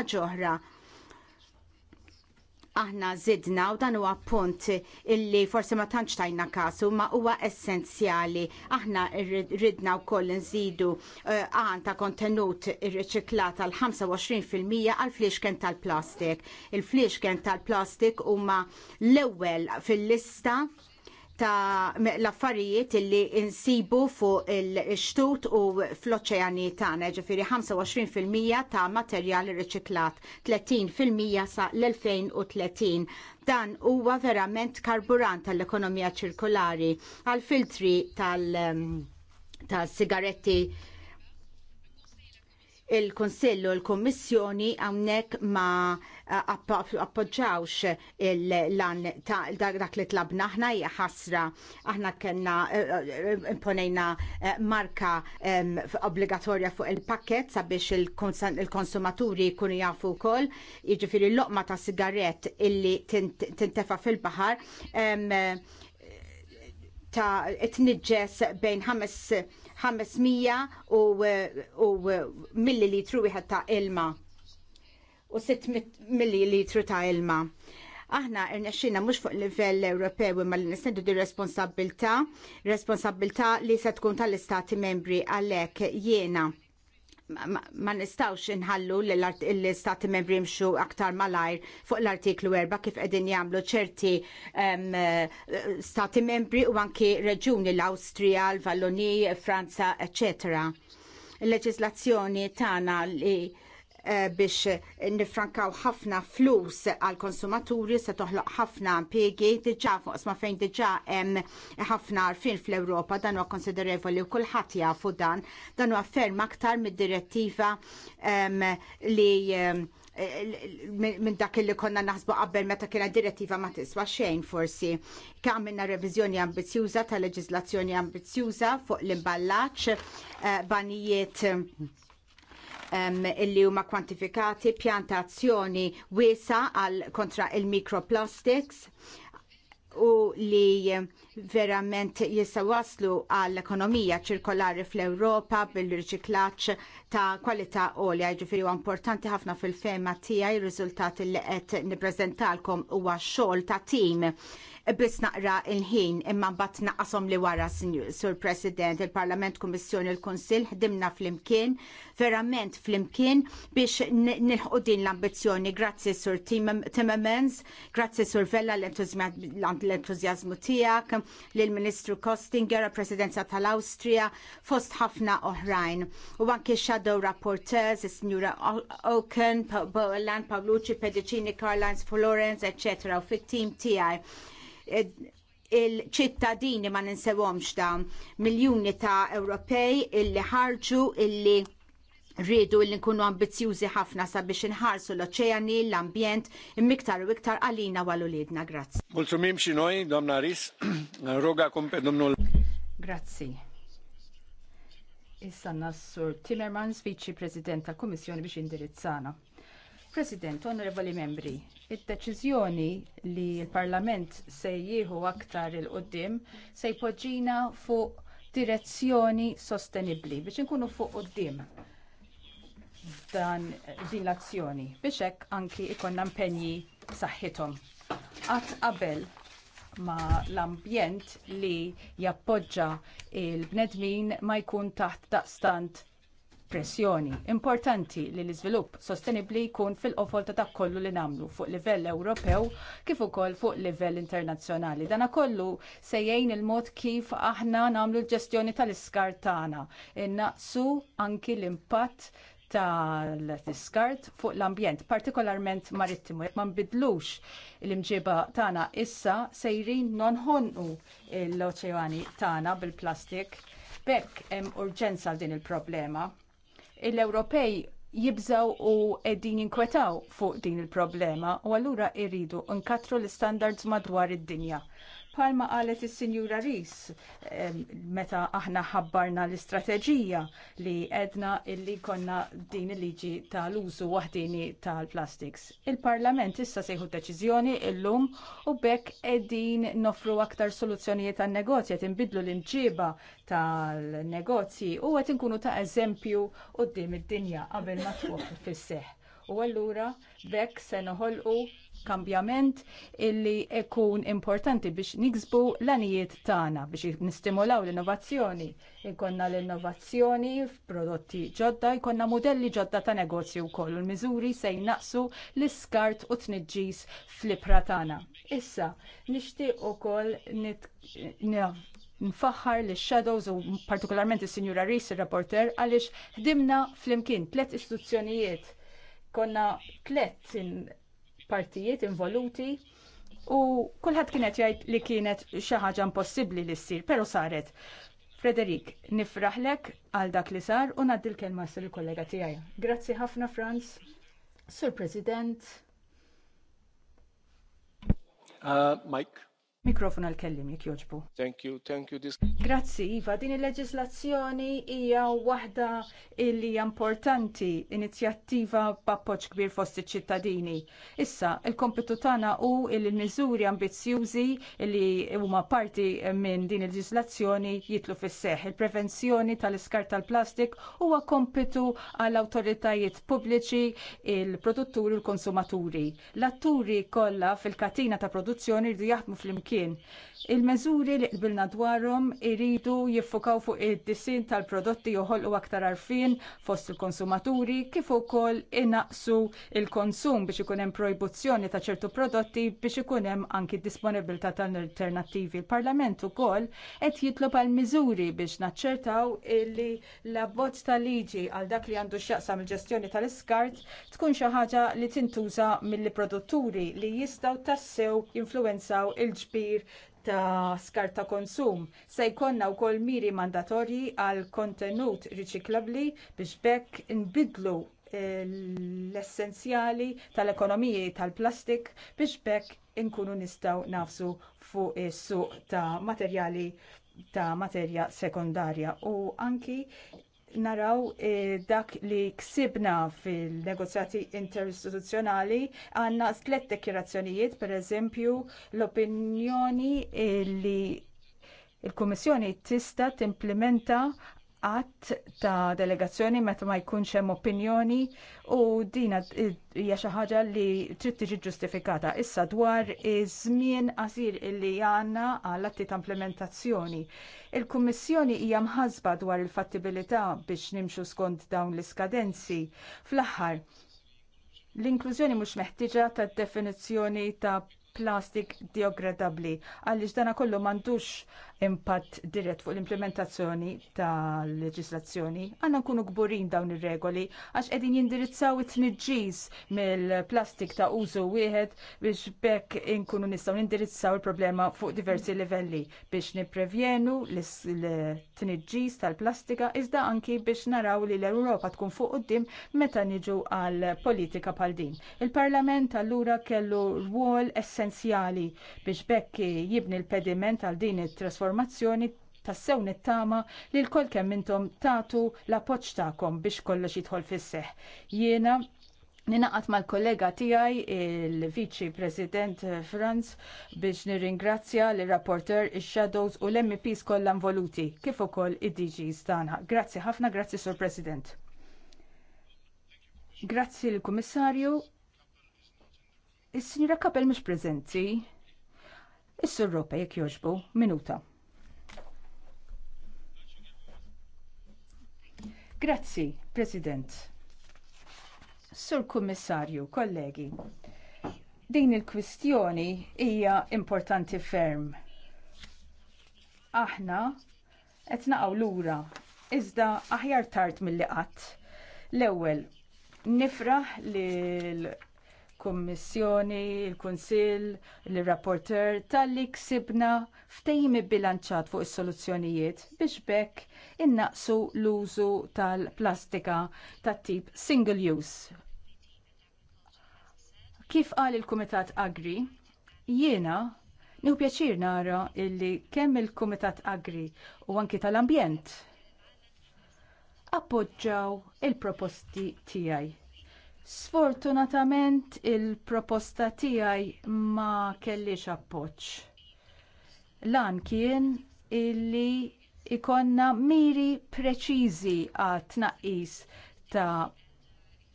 oħra. aħna zidna u dan huwa punt illi forsi ma tantx tajna kasu ma huwa essenzjali. Aħna ridna wkoll nżidu eh, għan ta' kontenut irriċiklat għal 25% għal fliexken tal-plastik. Il-fliexken tal-plastik huma l-ewwel fil-lista ta' l-affarijiet illi insibu fuq il-xtut u fl-oċeani tagħna, ġifiri 25% ta' materjal riċiklat, 30% sa' l-2030. Dan huwa verament karburant tal-ekonomija ċirkolari għal filtri tal- mm, tal-sigaretti il-Konsillu, il-Kommissjoni għamnek ma appoġġawx il-lan dak li tlabna aħna jħasra. aħna kena e, e, imponejna e, marka obbligatorja fuq il-pakket sabiex il-konsumaturi kunu jafu kol iġifiri l-loqma ta' sigaret illi tintefa fil-bahar ta' etniġġes bejn 500 u, u millilitru wieħed ta' ilma u 600 millilitru ta' ilma. Aħna irnexxina mhux fuq livell Ewropew imma li nistendu di responsabilità, responsabilità li se tkun tal-Istati membri għalhekk jiena ma nistawx inħallu l-istati membri mxu aktar malajr fuq l-artiklu 4 kif edin jamlu ċerti um, stati membri u anki reġuni l-Austria, l-Valloni, Franza, etc. Il-leġislazzjoni tana li Eh, biex nifrankaw ħafna flus għal konsumaturi se toħloq ħafna impiegi diġà fuq ma fejn diġà hemm ħafna arfin fl-Ewropa dan huwa konsiderevoli u kulħadd jafu dan dan huwa ferm aktar mid-direttiva li minn dak li konna naħsbu qabel meta kiena direttiva ma tiswa xejn forsi. Kamilna reviżjoni ambizjuża ta' leġiżlazzjoni ambizjuża fuq l-imballaġġ eh, banijiet illi huma kwantifikati pjantazzjoni wiesa għal kontra il-microplastics u li verament jisawaslu waslu għall-ekonomija ċirkolari fl-Ewropa bil-riċiklaċ ta' kwalità olja, Ġifiri, importanti ħafna fil-fema tijaj, r-riżultati li qed niprezentalkom huwa xogħol ta' tim biss naqra il-ħin imma mbagħad naqasom li wara sur President il-Parlament Kummissjoni il kunsill ħdimna flimkien, verament flimkien biex nilħu din l-ambizzjoni. Grazzi sur Timmermans, grazzi sur Vella l-entużjażmu tiegħek, lill-Ministru Kostinger, Presidenza tal-Awstrija, fost ħafna oħrajn. U anke shadow rapporteurs, is-Sinjura Oaken, Bolan, Pavlucci, Pedicini, Carlines, Florence, etc. u fit-tim tiegħi il-ċittadini ma ninsewomx dawn miljuni ta' Ewropej illi ħarġu illi rridu li nkunu ambizjużi ħafna sabiex inħarsu l-oċeani, l-ambjent, immiktar u iktar għalina għallu lidna. Grazzi. Mulțumim și noi, doamna Ris. Roga kumpe domnu l- Grazzi. Issa Nassur Timmermans, viċi President tal-Kummissjoni biex indirizzana. President, onorevoli membri, id-deċiżjoni li l-Parlament se jieħu aktar il-qoddim se jpoġġina fuq direzzjoni sostenibbli biex inkunu fuq qoddim dan din l-azzjoni biex hekk anki ikonna impenji b'saħħithom. Qatt qabel ma l-ambjent li jappoġġa l bnedmin ma jkun taħt daqstant pressjoni. Importanti li l-iżvilupp sostenibbli jkun fil-qofol ta' dak kollu li nagħmlu fuq livell Ewropew kif ukoll fuq livell internazzjonali. Dana kollu se jgħin il-mod kif aħna nagħmlu l-ġestjoni tal-iskar tagħna. Innaqsu anki l-impatt tal-diskart fuq l-ambjent, partikolarment marittimu. Jek ma nbidlux l-imġiba tagħna issa sejrin nonħonqu l-oċeani tagħna bil-plastik. Bekk hemm urġenza għal din il-problema. Il-Ewropej jibżaw u qegħdin jinkwetaw fuq din il-problema u allura jridu nkatru l istandards madwar id-dinja. Palma qalet is-Sinjura Ris meta aħna ħabbarna l-istrateġija li edna illi konna din il-liġi tal-użu waħdini tal-plastiks. Il-Parlament issa sejħu deċiżjoni illum u bekk edin nofru aktar soluzzjonijiet tan negozji qed inbidlu l-imġiba tal-negozji u qed inkunu ta' eżempju qudiem id-dinja qabel ma tfuq fis-seħ. U allura bekk se noħolqu kambjament illi ikun importanti biex niksbu l-anijiet tagħna biex nistimulaw l-innovazzjoni. Ikonna l-innovazzjoni f'prodotti ġodda, ikonna modelli ġodda ta' negozju wkoll. l miżuri se jnaqsu l-iskart u tniġġis fl-ipra tagħna. Issa, nixtieq ukoll nfaħħar li shadows u partikolarment is-Sinjura Ries, ir-rapporter għaliex ħdimna flimkien tliet istituzzjonijiet. Konna tliet partijiet involuti u kulħadd kienet jgħid li kienet xi ħaġa impossibbli li ssir, però saret. Frederik, nifraħlek għal dak li sar u ngħaddi l-kelma s kollega tiegħi. Grazzi ħafna Franz, Sur President. Uh, Mike. Mikrofon għal-kellim jek joġbu. Thank you, thank you. This... Grazzi, Iva. Din il-leġislazzjoni hija waħda li hija importanti, inizjattiva b'appoġġ kbir fost iċ-ċittadini. Issa, il-kompitu tagħna hu il miżuri ambizzjużi li huma parti minn din il-leġislazzjoni jitlu fis-seħ. Il-prevenzjoni tal-iskar tal-plastik huwa kompitu għall awtoritajiet pubbliċi, il-produtturi u l-konsumaturi. L-atturi kollha fil-katina ta' produzzjoni jridu jaħdmu fl kien. Il-meżuri li qbilna dwarhom iridu jiffokaw fuq id-disin tal-prodotti joħolqu aktar arfin fost il-konsumaturi kif ukoll inaqsu il-konsum biex ikun hemm projbuzzjoni ta' ċertu prodotti biex ikun hemm anki disponibilità tal-alternattivi. Il-Parlament ukoll qed jitlob għal miżuri biex naċċertaw illi l-abbozz tal-liġi għal dak li għandu x'jaqsam il-ġestjoni tal-iskart tkun xi ħaġa li tintuża mill-produtturi li jistgħu tassew influwenzaw il ġbi kbir ta' skar ta' konsum. Se jkollna wkoll miri mandatorji għal kontenut riċiklabli biex bekk nbidlu eh, l-essenzjali tal-ekonomiji tal-plastik biex bekk inkunu nistgħu nafsu fuq is-suq ta' materjali ta' materja sekondarja u anki naraw eh, dak li ksibna fil-negozjati interistituzjonali għanna tlet dekjerazzjonijiet, per eżempju, l-opinjoni li il-Kommissjoni tista timplementa att ta' delegazzjoni meta ma jkunx hemm opinjoni u dina hija xi ħaġa li trid tiġi ġustifikata. Issa dwar iż-żmien qasir illi għandna għal atti ta' implementazzjoni. Il-Kummissjoni hija mħasba dwar il-fattibilità biex nimxu skont dawn l-iskadenzi. Fl-aħħar, l-inklużjoni mhux meħtieġa tad definizzjoni ta' plastik diogradabbli għaliex dana kollu m'għandux impatt dirett fuq l-implementazzjoni tal leġislazzjoni Għanna nkunu kburin dawn ir-regoli għax qegħdin jindirizzaw it-tniġġis mill-plastik ta' użu wieħed biex bekk inkunu nistgħu nindirizzaw il-problema fuq diversi livelli biex nipprevjenu l-tniġġis tal-plastika iżda anki biex naraw li l-Ewropa tkun fuq quddiem meta niġu għal politika bħal din. Il-Parlament allura kellu rwol essenzjali essenzjali biex bekk jibni l-pediment għal din it-trasformazzjoni tassew nittama li l-kol kemm intom tatu la poċ biex kollox jidħol fis Jiena Ninaqat mal-kollega tijaj, il-Viċi President Franz, biex nirringrazzja l rapporter il-Shadows u l-MPs kollha involuti, kif ukoll id-DGs tagħna. Grazzi ħafna, grazzi Sur President. Grazzi l-Kummissarju, Is-Sinjura Kapel mhux preżenti. Is-Sur Ropa jekk jogħġbu, minuta. Grazzi, President. Sur Kummissarju, kollegi. Din il-kwistjoni hija importanti ferm. Aħna qed naqgħu lura iżda aħjar tard mill-li qatt. L-ewwel nifraħ li kummissjoni, il-Kunsill, il-Rapporter tal-li ksibna ftejmi bilanċat fuq is-soluzzjonijiet biex bekk innaqsu l-użu tal-plastika tat tip single use. Kif qal il-Kumitat Agri, jiena nieħu pjaċir nara illi kemm il-Kumitat Agri u anki tal-Ambjent appoġġaw il-proposti tiegħi Sfortunatament il-proposta tiegħi ma kellix appoġġ. Lan kien illi ikonna miri preċiżi għat tnaqqis ta'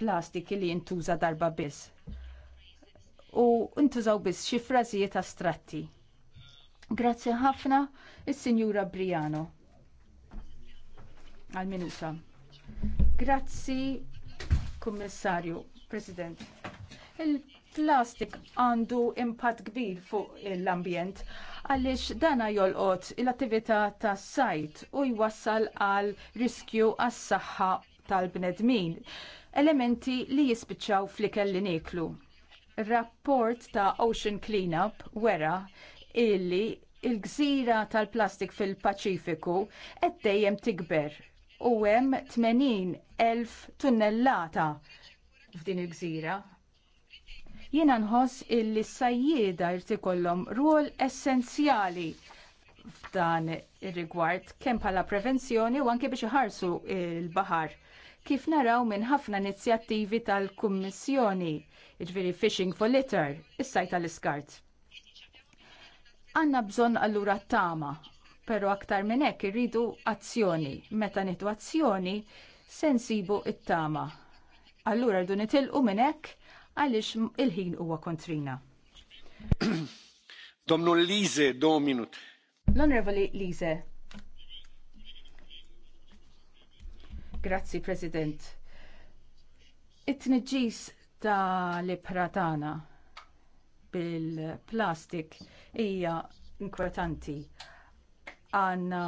plastiki li jintuża darba biss. U ntużaw biss xi frażijiet astratti. Grazzi ħafna is-Sinjura Briano. Għal minuta. Grazzi Kummissarju, President. Il-plastik għandu impatt kbir fuq l-ambjent għaliex dana jolqot l-attività tas sajt u jwassal għal riskju għas saħħa tal-bnedmin, elementi li jispiċċaw fl-ikel li niklu. Rapport ta' Ocean Cleanup wera illi il-gżira tal-plastik fil-Paċifiku qed dejjem tikber u hemm 80,000 tunnellata f'din il-gżira. Jiena nħoss illi s-sajjieda jrid ikollhom ruol essenzjali f'dan ir-rigward kemm bħala prevenzjoni u anke biex iħarsu l-baħar kif naraw minn ħafna inizjattivi tal-Kummissjoni, jiġifieri Fishing for Litter, is-sajt tal-iskart. Għandna bżonn allura tama Pero aktar minn hekk irridu azzjoni. Meta nitu azzjoni, se nsibu it-tama. Allura rridu nitilqu minn hekk għaliex il-ħin huwa kontrina. Domnu Lize, do minut. L-Onorevoli Lize. Grazzi, President. It-tniġġis ta' li pratana bil-plastik hija inkwetanti għanna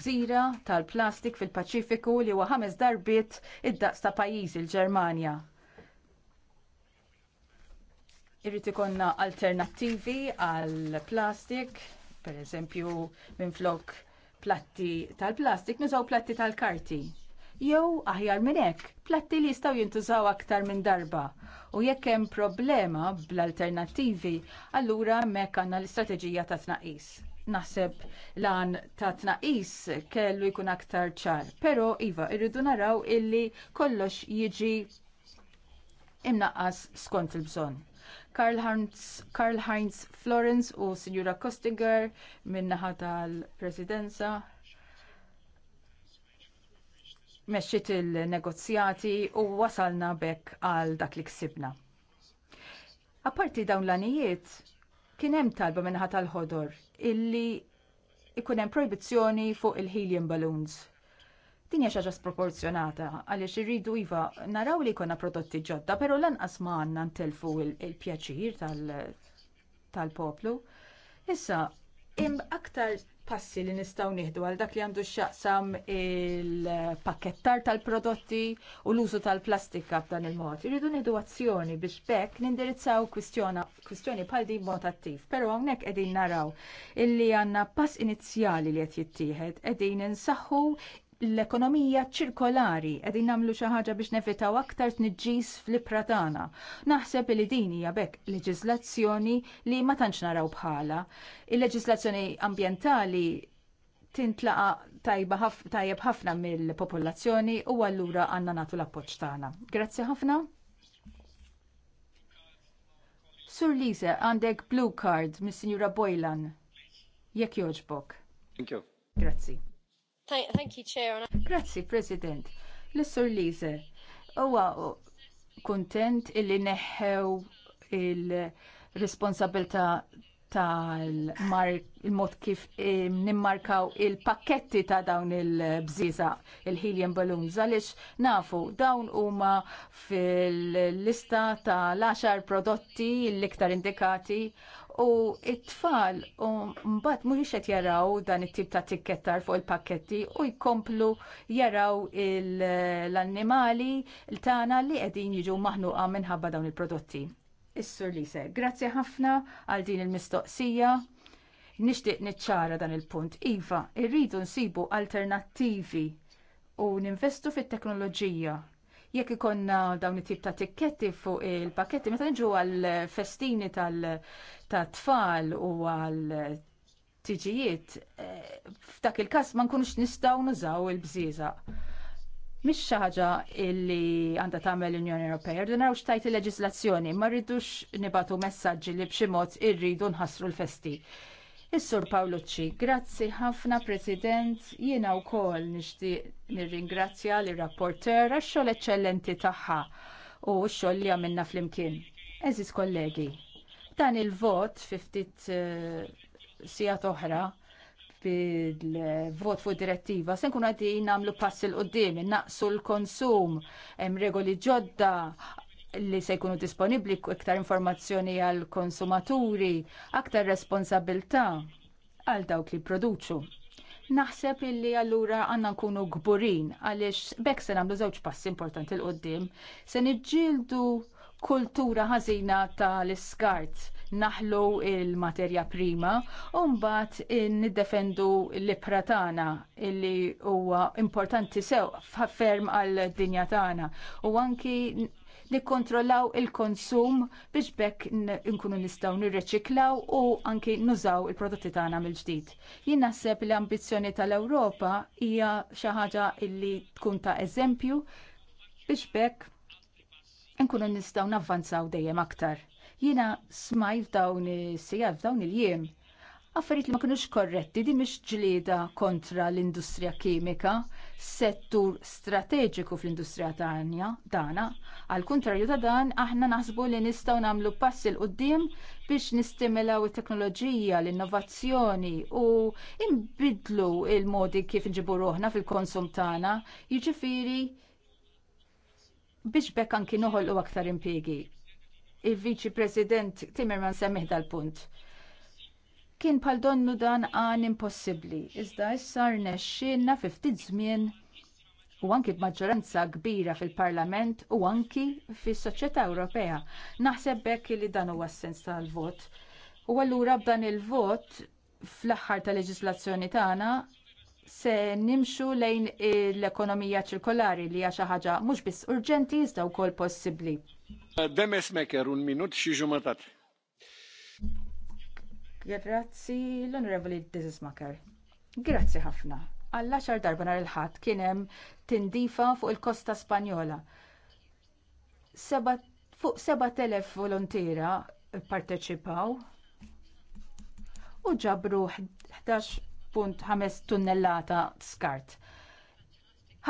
gżira tal-plastik fil-Paċifiku li huwa ħames darbiet id-daqs ta' pajjiż il-Ġermanja. Irrid ikonna alternattivi għal plastik, per eżempju minn flok platti tal-plastik nużaw platti tal-karti. Jew aħjar minn hekk, platti li jistgħu jintużaw aktar minn darba. U jekk hemm problema bl-alternattivi, allura mekk għandna l-istrateġija ta' tnaqqis naħseb lan ta' tnaqis kellu jkun aktar ċar. Pero, Iva, irridu naraw illi kollox jiġi imnaqqas skont il-bżon. Karl Heinz, Karl Heinz Florence u Signora Kostiger minnaħa tal-presidenza meċċit il-negozjati u wasalna bekk għal dak li ksibna. Apparti dawn l-anijiet, Kien hemm talba minħat tal-ħodor illi ikun hemm proibizzjoni fuq il-helium balloons. Din hija xi ħaġa sproporzjonata għaliex irridu iva naraw li jkollna prodotti ġodda, però lanqas ma għandna ntelfu il-pjaċir tal-poplu. Issa, im aktar passi li nistgħu nieħdu għal dak li għandu x'jaqsam il pakettar tal-prodotti u l-użu tal-plastika b'dan il-mod. Irridu nieħdu azzjoni biex bekk nindirizzaw kwistjoni bħal din mod attiv, però hawnhekk qegħdin naraw illi għandna pass inizjali li qed jittieħed qegħdin insaħħu l-ekonomija ċirkolari qegħdin nagħmlu xi ħaġa biex nevitaw aktar tniġġis fl-ipra tagħna. Naħseb li din hija bekk leġiżlazzjoni li ma tantx naraw bħala. il leġizlazzjoni ambjentali tintlaqa tajba tajjeb ħafna mill-popolazzjoni u allura għandna nagħtu l-appoġġ tagħna. Grazzi ħafna. Sur Lise, għandek blue card mis-Sinjura Boylan. Jekk jogħġbok. Thank you. Grazzi. Thank you, Chair. Grazzi, President. L-Sur Lise, huwa kuntent illi neħew il-responsabilta tal-mod kif eh, nimmarkaw il-pakketti ta' dawn il-bżiza, il-helium balloons, għalix nafu dawn huma fil-lista tal-10 prodotti l-iktar indikati u it-tfal u mbagħad mhux qed jaraw dan it-tip ta' tikkettar fuq il-pakketti u jkomplu jaraw l-annimali l-tana li qegħdin jiġu maħnuqa minħabba dawn il-prodotti. Is-Sur Lise, grazzi ħafna għal din il-mistoqsija nixtieq niċċara dan il-punt. Iva, irridu nsibu alternattivi u ninvestu fit-teknoloġija jekk ikonna dawn it-tip ta' tikketti fuq il pakketti meta nġu għal festini tal-tfal u għal tiġijiet, eh, f'dak il-kas ma nkunux nistaw nużaw il-bżiza. Mix xi ħaġa li għandha tagħmel l-Unjoni Ewropea, rridu naraw x'tajt il-leġislazzjoni, ma rridux nibatu messaġġi li b'xi mod irridu nħassru l-festi. Is-Sur Pawlucci, grazzi ħafna President, jiena wkoll nixtieq nirringrazzja lir rapporter għax-xogħol eċċellenti tagħha u x-xogħol li għamilna flimkien. Eżis kollegi, dan il-vot fi ftit eh, sigħat oħra bil-vot fuq direttiva, se nkun għaddi nagħmlu pass il qoddim naqsu l-konsum, hemm regoli ġodda li se jkunu disponibbli iktar informazzjoni għal konsumaturi, aktar responsabilità għal dawk li produċu. Naħseb illi allura għanna nkunu gburin għaliex bekk se nagħmlu żewġ passi importanti l qoddim se niġġieldu kultura ħażina tal-iskart naħlu il-materja prima u mbagħad niddefendu l-ibra tagħna illi huwa importanti sew ferm għal dinja tagħna u anki nikkontrollaw il-konsum biex bekk nkunu nistgħu nirreċiklaw u anki nużaw il-prodotti tagħna mill-ġdid. Jien naħseb l-ambizzjoni tal-Ewropa hija xi ħaġa li tkun ta' eżempju biex bekk nkunu nistgħu navvanzaw dejjem aktar. Jiena smajt f'dawn is-sijat f'dawn il-jiem affarijiet li ma kinux korretti, di mhix ġlieda kontra l-industrija kimika, settur strateġiku fl-industrija tagħna għall kuntrarju ta' dan, aħna naħsbu li nistgħu nagħmlu passi l qudiem biex nistimilaw it-teknoloġija, l-innovazzjoni u nbidlu l modi kif nġibu ruħna fil-konsum tagħna, jiġifieri biex bekk anki noħolqu aktar impjiegi. Il-Viċi President Timmerman semmih dal-punt Kien pal donnu dan għan impossibbli, iżda issa rnexxielna fi ftit żmien u anki b'maġġoranza kbira fil-Parlament u anki fis-soċjetà Ewropea. Naħseb hekk li dan huwa s-sens tal-vot. U allura b'dan il-vot fl-aħħar tal leġislazzjoni tagħna se nimxu lejn l-ekonomija ċirkolari li hija xi ħaġa mhux biss urġenti iżda wkoll possibbli. Demes Meker un minut xi ġumatat. Grazzi l-Onorevoli Dizismaker. Grazzi ħafna. Alla xar darba nar il-ħat kienem tindifa fuq il-kosta Spanjola. Seba, fuq 7.000 volontira parteċipaw u ġabru 11.5 tunnellata skart.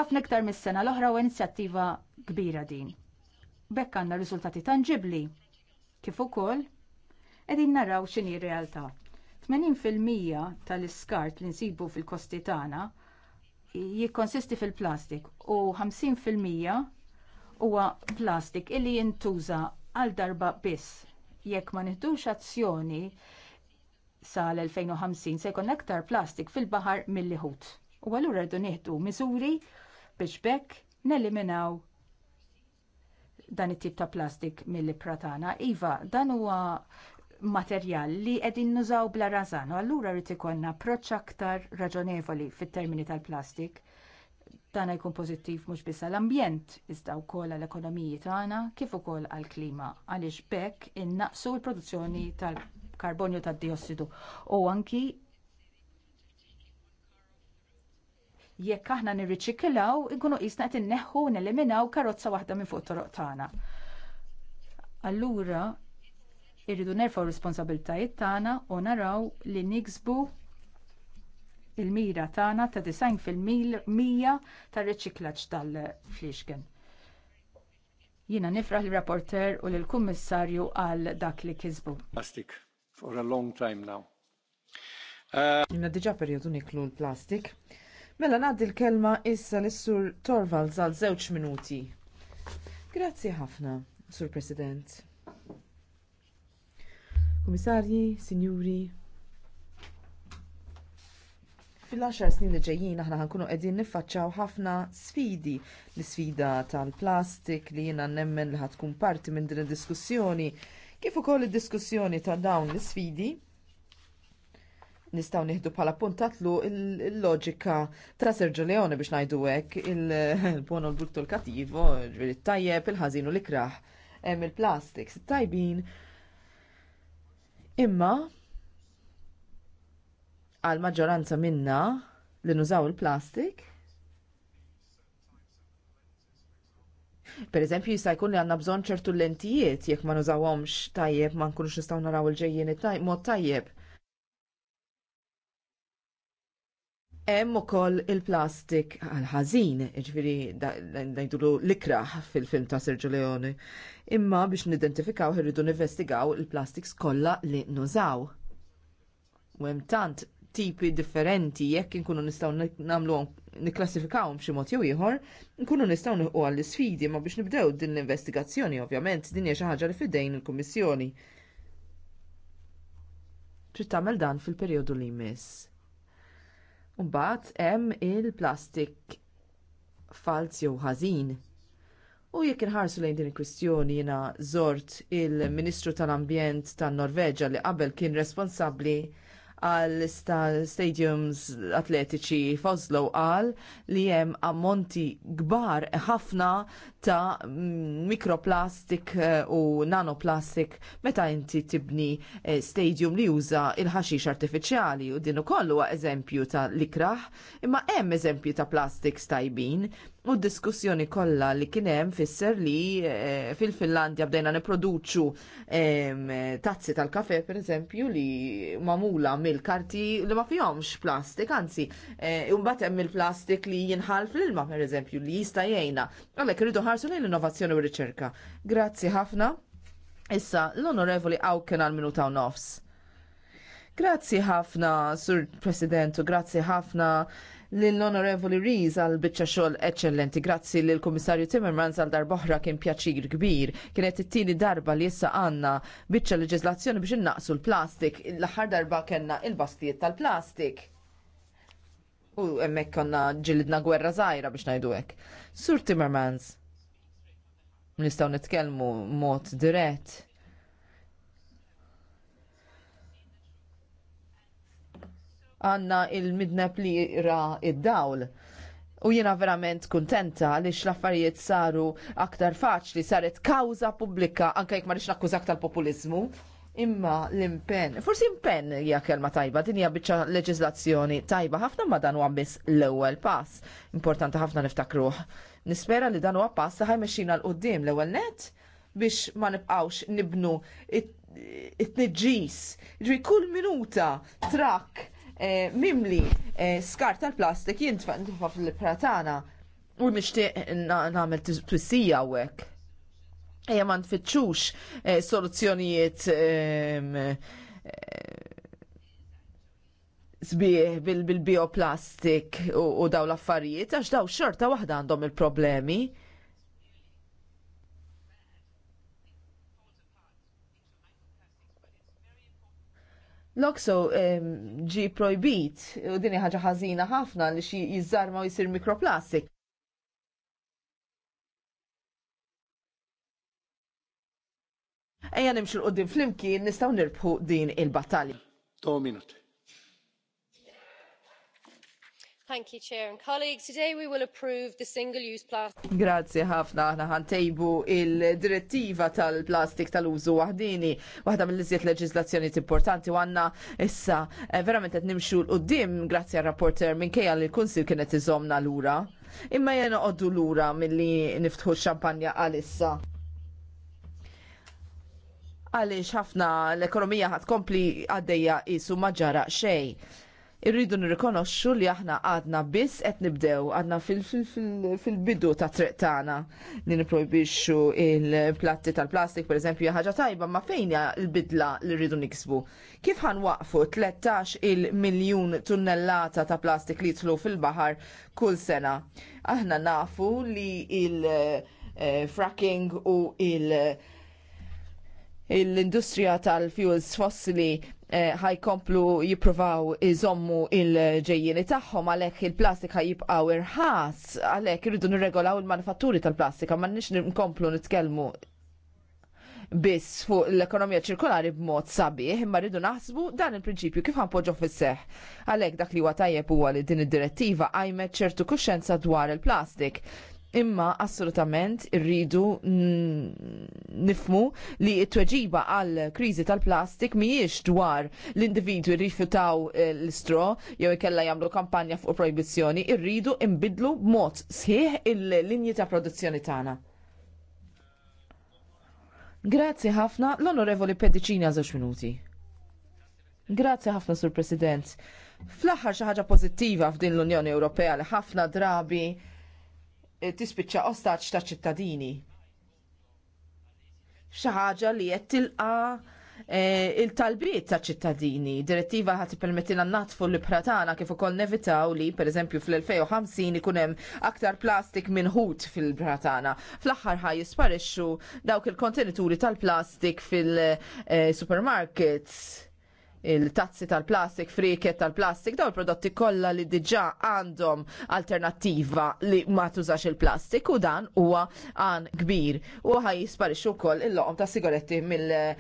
Ħafna iktar mis-sena l-oħra u inizjattiva kbira din. Bekk għandna riżultati tangibbli kif ukoll qegħdin naraw x'inhi r-realtà. 80% tal-iskart li nsibu fil-kosti tagħna jikkonsisti fil-plastik u 50% huwa plastik illi jintuża għal darba biss. Jekk ma nieħdux azzjoni sal-2050 se jkun aktar plastik fil-baħar mill-liħut. U allura rridu nieħdu miżuri biex bekk neliminaw dan it-tip ta' plastik mill-pratana. Iva, dan huwa materjal li qegħdin nużaw bla razan, u allura rrid ikollna approċċ aktar raġonevoli fit-termini tal-plastik. Dan jkun pożittiv mhux biss għall-ambjent, iżda wkoll għall-ekonomiji tagħna kif ukoll għall-klima għaliex bekk innaqsu l-produzzjoni tal-karbonju tad-diossidu u anki jekk aħna nirriċiklaw ikunu qisna qed inneħħu neliminaw karozza waħda minn fuq it-toroq tagħna. Allura Irridu nerfaw responsabiltajiet tagħna u naraw li niksbu il-mira tagħna ta' 90% tar riċiklaġġ tal-fliexken. Jiena nifraħ lir rapporter u lill kummissarju għal dak li kisbu. Plastic for a long time now. Uh, Jina diġa periodu niklu l-plastik. Mela naddi l-kelma issa l-sur Torvalds għal żewġ minuti. Grazzi ħafna, Sur President. Komissarji, sinjuri, fil-10 snin li ġejjin aħna ħankunu qegħdin niffaċċaw ħafna sfidi. L-sfida tal-plastik li jiena nemmen li ħatkun parti minn din id-diskussjoni. Kif ukoll id-diskussjoni ta' dawn l-sfidi nistgħu nieħdu bħala puntatlu il-loġika ta' Sergio Leone biex ngħidu hekk il bono l-brutto l-kattivo, ġifieri tajjeb il-ħażin u l-ikraħ hemm il-plastiks tajbin Imma għal maġġoranza minna li nużaw il-plastik. Per eżempju, jista' jkun li għandna bżonn ċertu lentijiet jekk ma nużawhomx tajjeb ma nkunux nistgħu naraw il tajjeb mod tajjeb. Hemm ukoll il-plastik għal ħażin, jiġifieri ngħidulu l-ikraħ fil-film ta' Sergio Leone imma biex nidentifikaw irridu nivestigaw il-plastiks kollha li nużaw. U hemm tant tipi differenti jekk inkunu nistgħu nagħmluhom nikklassifikawhom b'xi mod jew ieħor, nkunu nistgħu nieħu għall-isfidi ma biex nibdew din l-investigazzjoni ovvjament din hija xi ħaġa li fidejn il-Kummissjoni. Trid tagħmel dan fil-perjodu li jmiss. Mbagħad hemm il-plastik falz jew ħażin U jekk inħarsu lejn din il-kwistjoni jiena żort il-Ministru tal-Ambjent tan-Norveġa li qabel kien responsabbli għal stadiums atletiċi f'Oslo qal li hemm ammonti kbar ħafna ta' mikroplastik eh, u nanoplastik meta inti tibni eh, stadium li juża il-ħaxix artifiċjali u din ukoll huwa eżempju ta' likraħ imma hemm eżempju ta' plastik stajbin U d diskussjoni kollha li kien hemm fisser li e, fil-Finlandja bdejna niproduċu e, tazzi tal-kafe pereżempju li mamula mill-karti li ma fihomx plastik, anzi, e, mbagħad hemm il-plastik li jinħal fl-ilma pereżempju li jista' jgħinna. Għalhekk irridu ħarsu lejn l-innovazzjoni u r-riċerka. Grazzi ħafna. Issa l-Onorevoli Awken għal minuta u nofs. Grazzi ħafna, Sur President, u grazzi ħafna lill-Onorevoli Rees għal bicċa xogħol eċċellenti. Grazzi lill kummissarju Timmermans għal darboħra kien pjaċir kbir. Kienet it-tieni darba li issa għandna biċċa leġislazzjoni biex innaqsu l-plastik. L-aħħar darba kellna il-bastijiet tal-plastik. U hemmhekk konna ġilidna gwerra żgħira biex ngħidu hekk. Sur Timmermans, nistgħu nitkellmu mod dirett għanna il-midneb li ra id-dawl. U jiena verament kuntenta li l-affarijiet saru aktar faċli saret kawza pubblika anke jekk ma rix nakkużak tal-populizmu. Imma l-impen, forsi impen hija kelma tajba, din hija biċċa leġislazzjoni tajba ħafna ma dan huwa biss l-ewwel pass. Importanti ħafna niftakruh. Nispera li dan huwa pass ħaj mexxina l-qudiem l-ewwel net biex ma nibqgħux nibnu it-tniġġis. Ġri kull minuta trakk Eh, mimli eh, skar tal-plastik jintfa fil-pratana u namel nagħmel twissija hawnhekk. Ejja ma nfittxux eh, soluzzjonijiet sbieħ ehm, bil-bioplastik u daw l-affarijiet għax daw xorta waħda għandhom il-problemi. L-okso ġi projbit u dini ħaġa ħażina ħafna li xi jiżarma ma jsir mikroplastik. Ejja nimxu l-qoddim fl-imkien nistaw nirbħu din il-battalja. 2 minuti. Grazzi ħafna aħna ħantejbu il-direttiva tal-plastik tal-użu waħdini, waħda mill-iżjed leġislazzjoni importanti u għanna issa eh, verament qed nimxu l-qudiem grazzi għal-rapporter minkejja li l-Kunsil kienet iżomna lura. Imma jena qoddu lura milli niftħu xampanja għal-issa għaliex ħafna l-ekonomija ħat kompli għaddeja isu maġġara xej irridu nirrikonoxxu li aħna għadna biss qed nibdew għadna fil-bidu ta' triq tagħna li niprojbixxu il-platti tal-plastik pereżempju hija ħaġa tajba ma fejn il-bidla li rridu niksbu. Kif ħan waqfu 13 il-miljun tunnellata ta' plastik li jidħlu fil-baħar kull sena. Aħna nafu li il-fracking eh, u il- eh, l-industrija tal-fuels fossili Eh, ħajkomplu e, jipruvaw iżommu il-ġejjini tagħhom għalhekk il plastika jibqgħu irħas, għalhekk irridu nirregolaw il-manifatturi tal-plastika Ma nix nkomplu nitkellmu biss fuq l-ekonomija ċirkolari b'mod sabiħ, imma rridu naħsbu dan il-prinċipju kif ħanpoġġo fis-seħ. Għalhekk dak li huwa tajjeb huwa li din id-direttiva għajmet ċertu kuxenza dwar il-plastik imma assolutament irridu nifmu li t-tweġiba għal kriżi tal-plastik mhijiex dwar l-individwi rifjutaw eh, l-istro jew ikella jagħmlu kampanja fuq proibizzjoni, irridu imbidlu b'mod sħiħ il-linji ta' produzzjoni tagħna. Grazzi ħafna l-Onorevoli Pedicini għal żewġ minuti. Grazzi ħafna, Sur President. Fl-aħħar xi ħaġa pożittiva f'din l-Unjoni Ewropea li ħafna drabi Eh, tispiċċa ostaċ ta' ċittadini. Xi ħaġa li qed tilqa eh, il-talbiet ta' ċittadini. Direttiva ħat permettina natfu li pratana kif ukoll nevitaw li, pereżempju fl-2050 ikun hemm aktar plastik minn ħut fil-pratana. Fl-aħħar ħaj jisparixxu dawk il-kontenituri tal-plastik fil-supermarkets eh, il-tazzi tal-plastik, friket tal-plastik, daw il-prodotti kollha li diġà għandhom alternattiva li ma tużax il-plastik u dan huwa għan kbir. U ħaj jisparixxu wkoll il-loqom ta' sigaretti mill-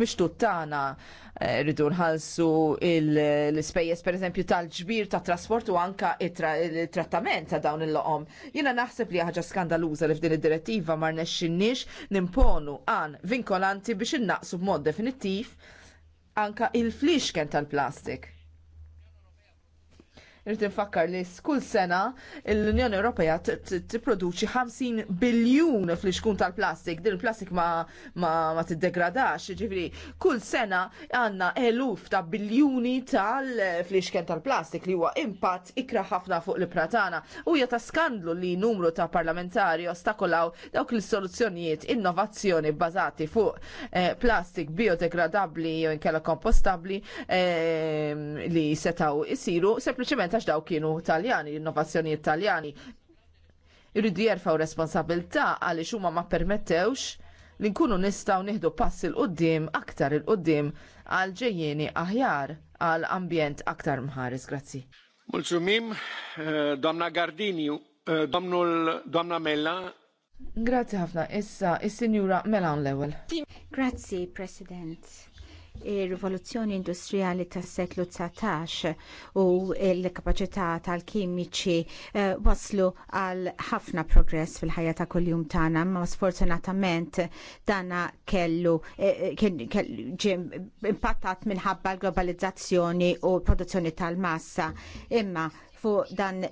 mixtut tagħna eh, rridu nħallsu l-ispejjeż pereżempju tal-ġbir ta' trasport u anka il trattament ta' dawn il-loqom. Jiena naħseb li ħaġa skandaluża li f'din id-direttiva ma rnexxinniex nimponu għan vinkolanti biex innaqsu b'mod definittiv anka il-flixken tal-plastik. Irrid infakkar li kull sena l-Unjoni Ewropea tipproduċi 50 biljun fl-ixkun tal-plastik. Din il-plastik ma, ma, tiddegradax, ġifri, kull sena għandna eluf ta' biljuni tal-fliexken tal-plastik li huwa impatt ikra ħafna fuq l-pratana. U hija ta' skandlu li numru ta' parlamentari ostakolaw dawk l-soluzzjonijiet innovazzjoni bbażati fuq eh, plastik biodegradabli jew inkella kompostabbli eh, li setaw isiru sempliċement għax daw kienu taljani, innovazzjoni taljani. Irridu jerfaw responsabilta għalli xumma ma permettewx li nkunu nistaw nieħdu pass il-qoddim aktar il-qoddim għal ġejjeni aħjar għal ambjent aktar mħares. Grazzi. Mulzumim, eh, domna Gardini, eh, domnu domna Mella. Grazzi ħafna, issa, is-sinjura Melan l-ewel. Grazzi, President ir-rivoluzzjoni industrijali tas-seklu 19 u l-kapaċità tal-kimiċi eh, waslu għal ħafna progress fil-ħajja ta' kuljum tagħna, ma sfortunatament dana kellu eh, impattat minħabba l-globalizzazzjoni u l-produzzjoni tal-massa. Imma fuq dan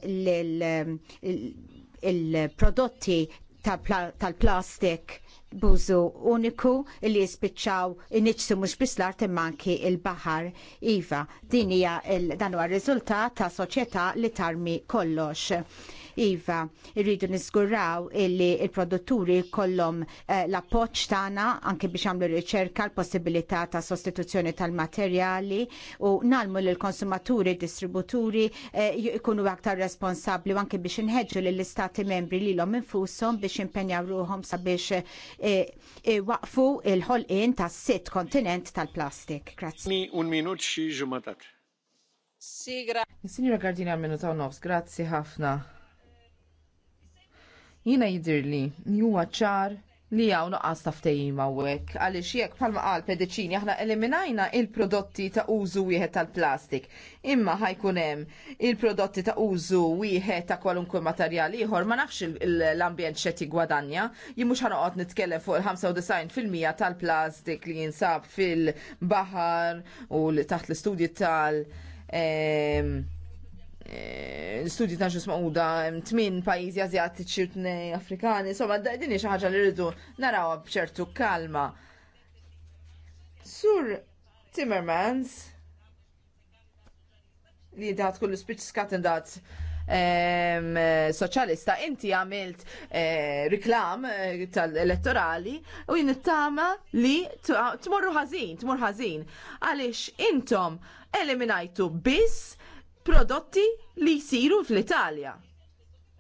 il-prodotti tal-plastik buzu uniku li jispiċċaw iniċsu mhux biss l-art imma anki il-baħar iva. Din hija dan huwa r-riżultat ta' soċjetà li tarmi kollox Iva, irridu nisguraw illi il-produtturi kollom eh, l poċ tagħna anke biex għamlu ricerka l-possibilità ta' sostituzzjoni tal-materjali u nalmu l konsumaturi distributuri eh, ikunu aktar responsabli u anke biex inħeġġu lill istati membri li l-om infusom biex impenjaw ruhom sabiex eh, waqfu il-ħolqien tas sitt kontinent tal-plastik. Grazzi. Un minut xi ġumatat. Sigra. Signora Gardina Minuta Nofs, grazzi ħafna. Jina jidirli, njuwa ċar li għaw nuqqas u għawek, għalli xiek palma għal pediċini aħna eliminajna il-prodotti ta' użu wieħed tal-plastik. Imma ħajkunem il-prodotti ta' użu wieħed ta' kwalunkwe materjal ieħor ma nafx l-ambjent xed gwadanja, jimmux ħanoqgħod nitkellem fuq il-95% tal-plastik li jinsab fil-baħar u taħt l-istudji tal- Eh, studji ta' ġusma uda tmin pajizi azjatiċi u tnej afrikani, insomma, din xi ħaġa li rridu naraw bċertu kalma. Sur Timmermans li dat kullu speech skatin dat soċalista, inti għamilt eh, riklam eh, tal-elettorali u jien tama li tmorru ħażin, tmur ħażin. Għaliex intom eliminajtu biss prodotti li jsiru fl-Italja.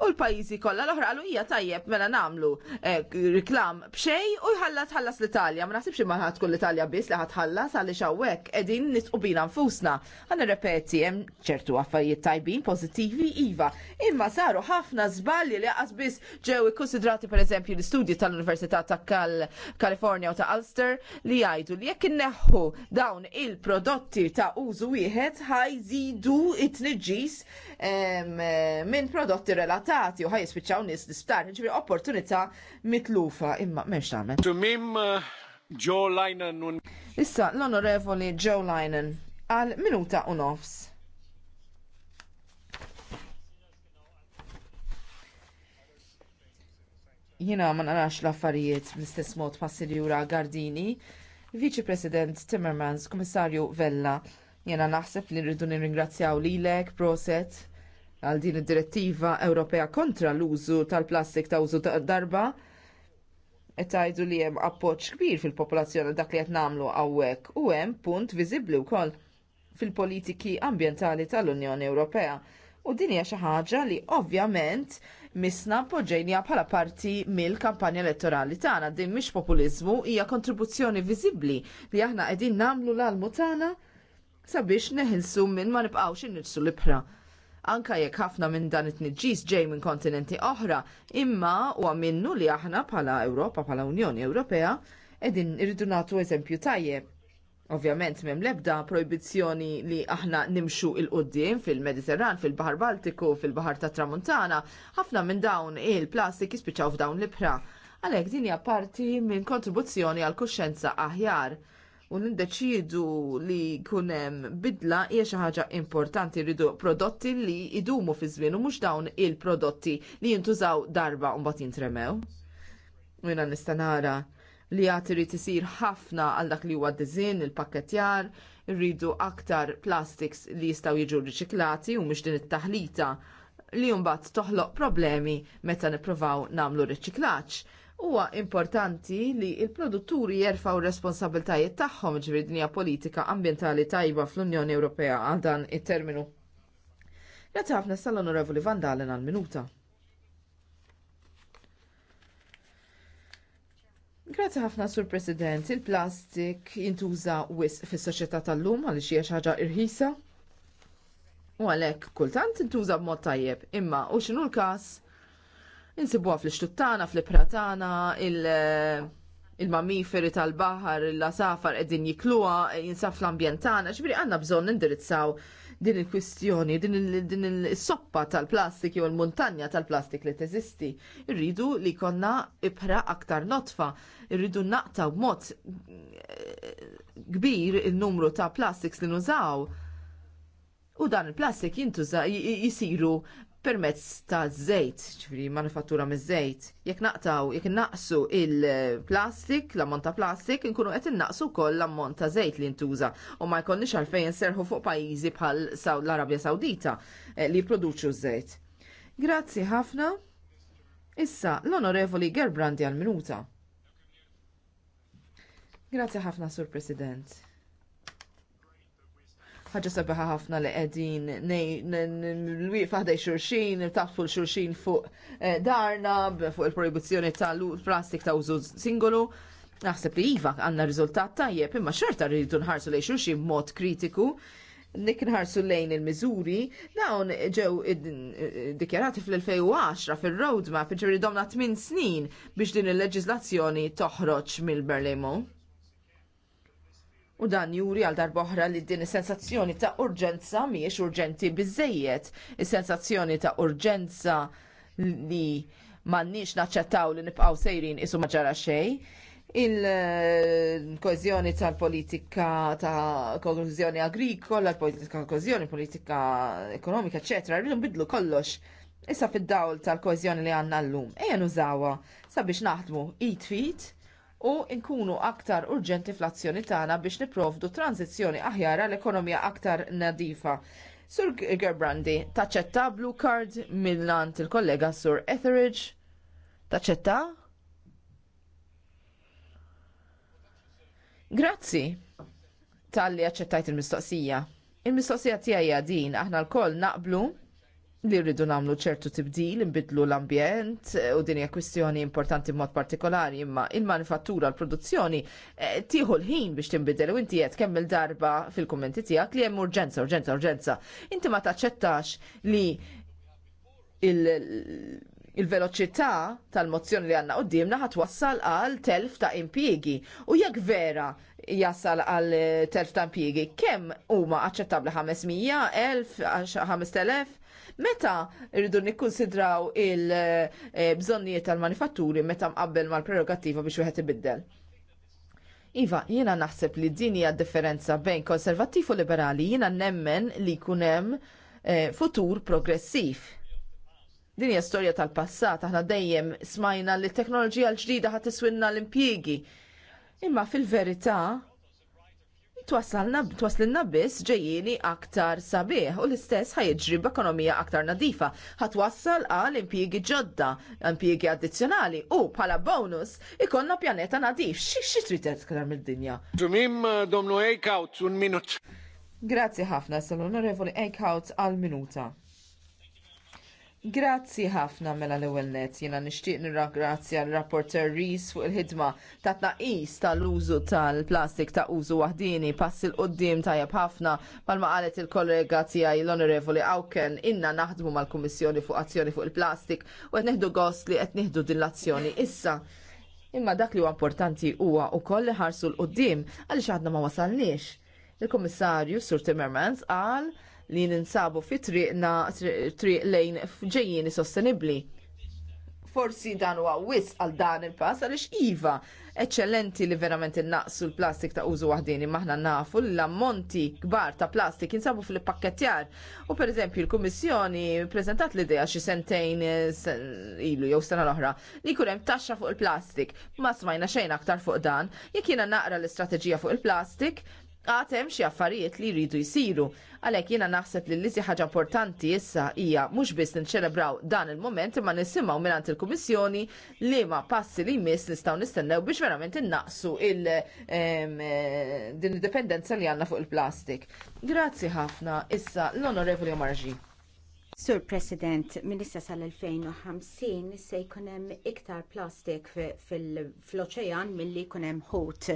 U l-pajizi kollha l-oħra għalu hija tajjeb mela nagħmlu eh, riklam b'xej u jħalla tħallas l-Italja. Ma nasibx ma ħadd l-Italja biss li ħatħallas għaliex hawnhekk qegħdin nisqubina nfusna. Ħa nirrepeti hemm ċertu affarijiet tajbin pozittivi, iva, imma saru ħafna żbalji li għas biss ġew per pereżempju l-istudji tal-Università ta' California u ta' Ulster li jgħidu li jekk inneħħu dawn il-prodotti ta' użu wieħed ħajżidu it-tniġġis eh, minn prodotti relati Tati u ħajjispiċċaw nies l-isptar, ġifieri opportunità mitlufa imma m'hemmx tagħmel. Tumim uh, Joe Linen. Issa l-Onorevoli Joe Linen għal minuta u nofs. Jiena ma narax l-affarijiet bl-istess mod pa' Sinjura Gardini, Viċi President Timmermans, Kummissarju Vella, Jiena naħseb li rridu nirringrazzjaw lilek, proset għal din id-direttiva Ewropea kontra l-użu tal-plastik ta' użu ta' darba qed tgħidu li hemm appoġġ kbir fil-popolazzjoni dak li qed nagħmlu hawnhekk u hemm punt viżibbli wkoll fil-politiki ambjentali tal-Unjoni Ewropea. U din hija xi ħaġa li ovvjament misna poġġejnija bħala parti mill-kampanja elettorali tagħna din mhix populiżmu hija kontribuzzjoni viżibbli li aħna qegħdin nagħmlu l-almu tagħna sabiex neħilsu minn ma nibqgħux innifsu l-ibħra anka jekk ħafna minn dan it-tniġġis ġej minn kontinenti oħra, imma huwa minnu li aħna bħala Ewropa, bħala Unjoni Ewropea, edin irridu nagħtu eżempju tajjeb. Ovvjament mem lebda proibizzjoni li aħna nimxu il-qoddim fil-Mediterran, fil-Bahar Baltiku, fil-Bahar ta' Tramuntana, ħafna minn dawn il-plastik jispiċaw f'dawn l-ibħra. Għalhekk din hija parti minn kontribuzzjoni għal kuxjenza aħjar u niddeċiedu li jkun hemm bidla hija xi ħaġa importanti rridu prodotti li jidumu fi żmien u mhux dawn il-prodotti li jintużaw darba u mbagħad jintremew. Jiena nista' nara li għad irid isir ħafna għal dak li huwa d-dizin, il-pakketjar, rridu aktar plastics li jistgħu jiġu riċiklati u mhux din it-taħlita li mbagħad toħloq problemi meta nippruvaw nagħmlu riċiklaġġ huwa importanti li il-produtturi jerfaw responsabiltajiet tagħhom ġvidnija politika ambjentali tajba fl-Unjoni Ewropea għal dan it-terminu. Grazzi ħafna sal-Onorevoli Vandalen għal-minuta. Grazzi ħafna, Sur President, il-plastik jintuża wisq fis-soċjetà tal-lum għal xi ħaġa irħisa. U għalhekk kultant intuża b'mod tajjeb, imma u x'inhu l-każ Insibuha fl-ixtuttana, fl-pratana, il- il-mammiferi tal-bahar, il-lasafar qegħdin jikluha, jinsaf fl-ambjent tagħna, ġifieri għandna bżonn nindirizzaw din il-kwistjoni, din il-soppa tal-plastik jew il muntanja tal-plastik li teżisti. Irridu li konna ibra aktar notfa, irridu naqtaw b'mod eh, kbir il-numru ta' plastiks li nużaw. U dan il-plastik jintuża jisiru permezz ta' zejt, ċifri manufattura miż żejt Jekk naqtaw, jekk naqsu il-plastik, l-ammont ta' plastik, nkunu qed innaqsu wkoll l-ammont ta' żejt li ntuża u ma jkollniex għalfejn serħu fuq pajjiżi bħal l-Arabja Sawdita eh, li produċu żejt. Grazzi ħafna. Issa l-Onorevoli Gerbrandi għal-minuta. Grazzi ħafna, Sur President ħaġa sabiħa ħafna li qegħdin l-wieqfa ħdej xurxin, tafu l-xurxin fuq eh, darna, fuq il-proibizzjoni tal-plastik ta' użu singolu. Naħseb li iva għandna riżultat tajjeb, imma xorta rridu nħarsu lej xurxin mod kritiku. Nik nħarsu lejn il-miżuri, dawn ġew dikjarati fl-2010 fil-roadmap, ġew domna 8 snin biex din il-leġizlazzjoni toħroġ mill-Berlimo. U dan juri għal darba oħra li din is-sensazzjoni ta' urġenza mhijiex urġenti biżejjed. Is-sensazzjoni ta' urġenza li m'għandniex naċċettaw li nibqgħu sejrin isu ma ġara xejn. Il-kozjoni tal-politika ta' kozjoni agrikola, politika kozjoni, politika ekonomika, eċetera, rridu bidlu kollox. Issa fid-dawl tal-kozjoni li għanna l-lum, ejja nużawa sabiex naħdmu it-fit u nkunu aktar urġenti fl-azzjoni tagħna biex nipprovdu tranzizzjoni aħjar għall ekonomija aktar nadifa. Sur Gerbrandi, taċċetta blue card mill-lant il-kollega Sur Etheridge. Taċċetta? Grazzi tal-li aċċettajt il-mistoqsija. Il-mistoqsija tiegħi din aħna lkoll naqblu li rridu nagħmlu ċertu tibdil, inbidlu l-ambjent eh, u din hija kwistjoni importanti b'mod partikolari, imma il-manifattura, l-produzzjoni eh, tieħu l-ħin biex tinbidel u inti qed kemm il-darba fil-kummenti tiegħek li hemm urġenza, urġenza, urġenza. Inti ma taċċettax li il-veloċità tal-mozzjoni li għanna qoddimna ħatwassal għal telf ta' impjiegi. U jekk vera jassal għal telf ta' impjiegi, kemm huma aċċettabbli 500, 1000, 5000? Meta rridu nikkonsidraw il-bżonnijiet eh, tal-manifatturi meta mqabbel mal-prerogattiva biex wieħed ibiddel? Iva, jiena naħseb li din hija differenza bejn konservattiv u liberali, jiena nemmen li jkun hemm eh, futur progressiv. Din hija storja tal-passat, aħna dejjem smajna li t teknoloġija l-ġdida ħat iswinna l-impjiegi. Imma fil-verità, twaslinna biss ġejjini aktar sabiħ u l-istess ħajġri b'ekonomija aktar nadifa. Ħatwassal għal impjiegi ġodda, impjiegi addizzjonali u bħala bonus ikonna pjaneta nadif. Xi trid tkellem mid-dinja? D'umim, domnu Eichhout un minut. Grazzi ħafna, sal-onorevoli Eichhout għal minuta. Grazzi ħafna mela l-ewwel net jiena nixtieq nirragrazzja l-rapporter Rees fuq il-ħidma ta' tnaqis tal-użu tal-plastik ta' użu waħdini pass il qoddim tajjeb ħafna palma qalet il-kollega tiegħi l-Onorevoli Awken inna naħdmu mal-Kummissjoni fuq azzjoni fuq il-plastik u qed neħdu gost li qed nieħdu din l-azzjoni issa. Imma dak li huwa importanti huwa wkoll li ħarsu l qudiem għaliex għadna ma wasalniex. Il-Kummissarju Sur Timmermans qal li ninsabu fi triqna triq lejn ġejjini sostenibbli. Forsi dan huwa wis għal dan il-pass għaliex iva, eċċellenti li verament innaqsu l-plastik ta' użu waħdini maħna nafu l-ammonti kbar ta' plastik jinsabu fil-pakketjar. U per eżempju l-Kummissjoni prezentat l-idea xi sentejn ilu jew sena l-oħra li jkun hemm taxxa fuq il-plastik. Ma smajna xejn aktar fuq dan, jekk jiena naqra l-istrateġija fuq il-plastik, għatem xie affarijiet li jridu jisiru. Għalek jena naħseb li l-liżi ħaġa importanti issa hija mhux biss nċelebraw dan il-moment imma nisimgħu mingħand il-Kummissjoni li ma passi li jmiss nistgħu nistennew biex verament innaqsu il eh, din dipendenza li għandna fuq il-plastik. Grazzi ħafna issa l-Onorevoli Omarġi. Sur President, minissa sal-2050 se jkun hemm iktar plastik fil-oċean milli jkun hemm ħut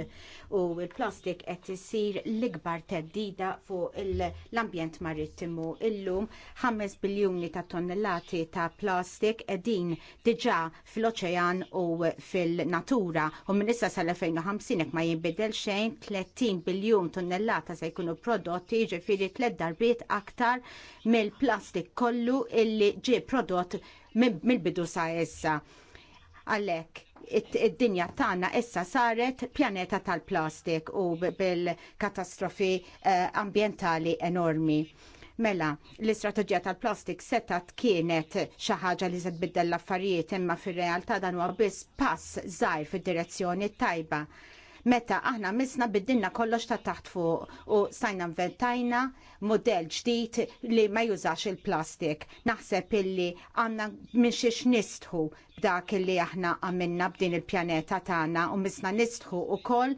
u l plastik qed isir l-ikbar teddida fuq l-ambjent marittimu. Illum 5 biljuni ta' tonnellati ta' plastik qegħdin diġà fil-oċean u fil-natura u minissa sal-2050 hekk ma jinbidel xejn 30 biljun tonnellata se jkunu prodotti ġifiri tliet darbiet aktar mill-plastik kollu illi ġie prodott mill-bidu sa' issa. Għalhekk id-dinja tagħna issa saret pjaneta tal-plastik u bil-katastrofi eh, ambjentali enormi. Mela, l-istrateġija tal-plastik setat kienet xi ħaġa li se tbiddel l-affarijiet imma fir-realtà dan huwa biss pass żgħir fid-direzzjoni tajba. Meta aħna misna biddinna kollox ta' taħt fuq u sajna inventajna modell ġdid li ma jużax il-plastik. Naħseb illi għanna minxiex nistħu b'dak illi aħna għamilna b'din il-pjaneta tagħna u misna nistħu u koll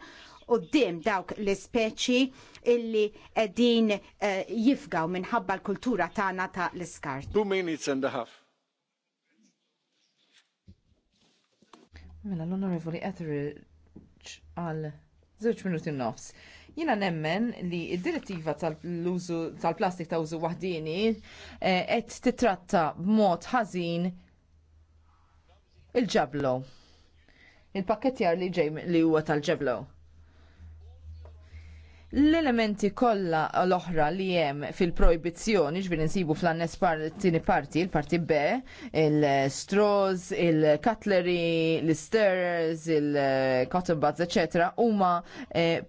u dawk l-speċi illi edin eh, jifgaw minħabba l-kultura tagħna ta' l-iskart. Two minutes and a half. Mela l-Onorevoli Etheridge żewġ għal żewġ minuti nofs. Jina nemmen li id-direttiva tal-użu tal-plastik ta' użu waħdini eh, qed titratta b'mod ħażin il-ġablo. Il-pakketjar li ġej li huwa tal-ġablo L-elementi kollha l-oħra li hemm fil-projbizzjoni ġbir insibu fl-annes tini parti, il-parti B, il-straws, il-cutlery, l-stirrers, il-cotton buds, etc. huma eh,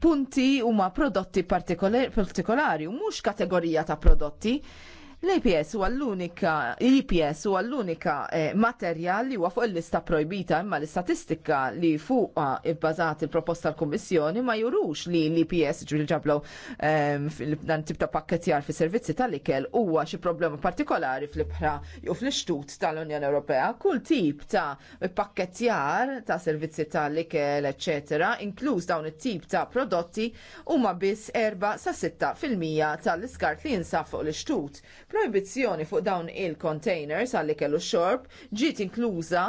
punti, huma prodotti partikolari, u mhux kategorija ta' prodotti L-APS huwa l-unika, l-IPS e huwa l-unika eh, materjal li huwa fuq il-lista projbita imma l-istatistika li fuqha bbażat il-proposta l-Kummissjoni ma jurux li l-IPS ġuri ġablu ehm, dan tip ta' pakketjar fi servizzi tal-ikel huwa xi problema partikolari fl-ibħra jew fl istut tal-Unjoni Ewropea. Kull tip ta' pakketjar ta' servizzi tal-ikel, ecc. inkluż dawn it-tip ta' prodotti huma biss erba' sa' 6 fil-mija tal-iskart li jinsab fuq l-ixtut Proibizzjoni fuq dawn il-containers għalli kellu xorb ġiet inkluża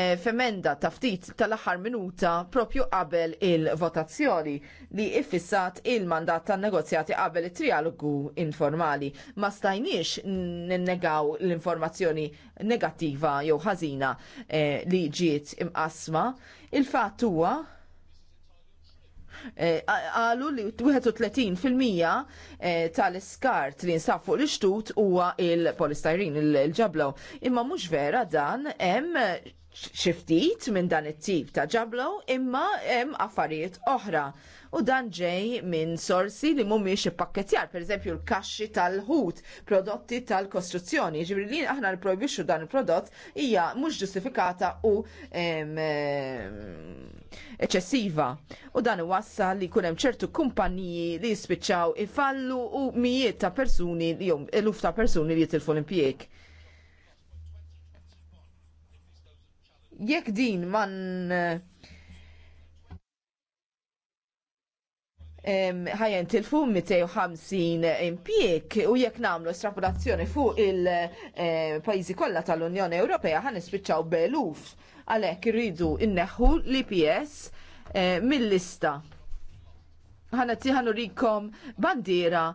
eh, femenda ta' ftit tal-aħħar minuta propju qabel il-votazzjoni li iffissat il-mandat tan negozjati qabel it-trialogu informali. Ma stajniex ninnegaw l-informazzjoni negattiva jew ħażina eh, li ġiet imqasma. Il-fatt huwa Eh, għalu li 31% tal skart li nsab fuq l-ixtut huwa il-polistirin, il-ġablaw. Imma mhux vera dan hemm xiftit minn dan it-tip ta' ġablu, imma hemm affarijiet oħra. U dan ġej minn sorsi li mhumiex ippakketjar, pereżempju l-kaxxi tal-ħut, prodotti tal-kostruzzjoni. Ġifieri li aħna nipprojbixxu dan il-prodott hija mhux ġustifikata u eċessiva. U dan wassa li jkun hemm ċertu kumpaniji li jispiċċaw ifallu u mijiet ta' persuni li jum eluf ta' persuni li jitilfu l impjieg jekk din man ħajen tilfu 250 impiek u jekk namlu estrapolazzjoni fuq il-pajzi eh, kollha tal-Unjoni Ewropea ħan nispiċċaw beluf għalhekk irridu inneħħu l-IPS eh, mill-lista. Ħana tiħanu rikom bandiera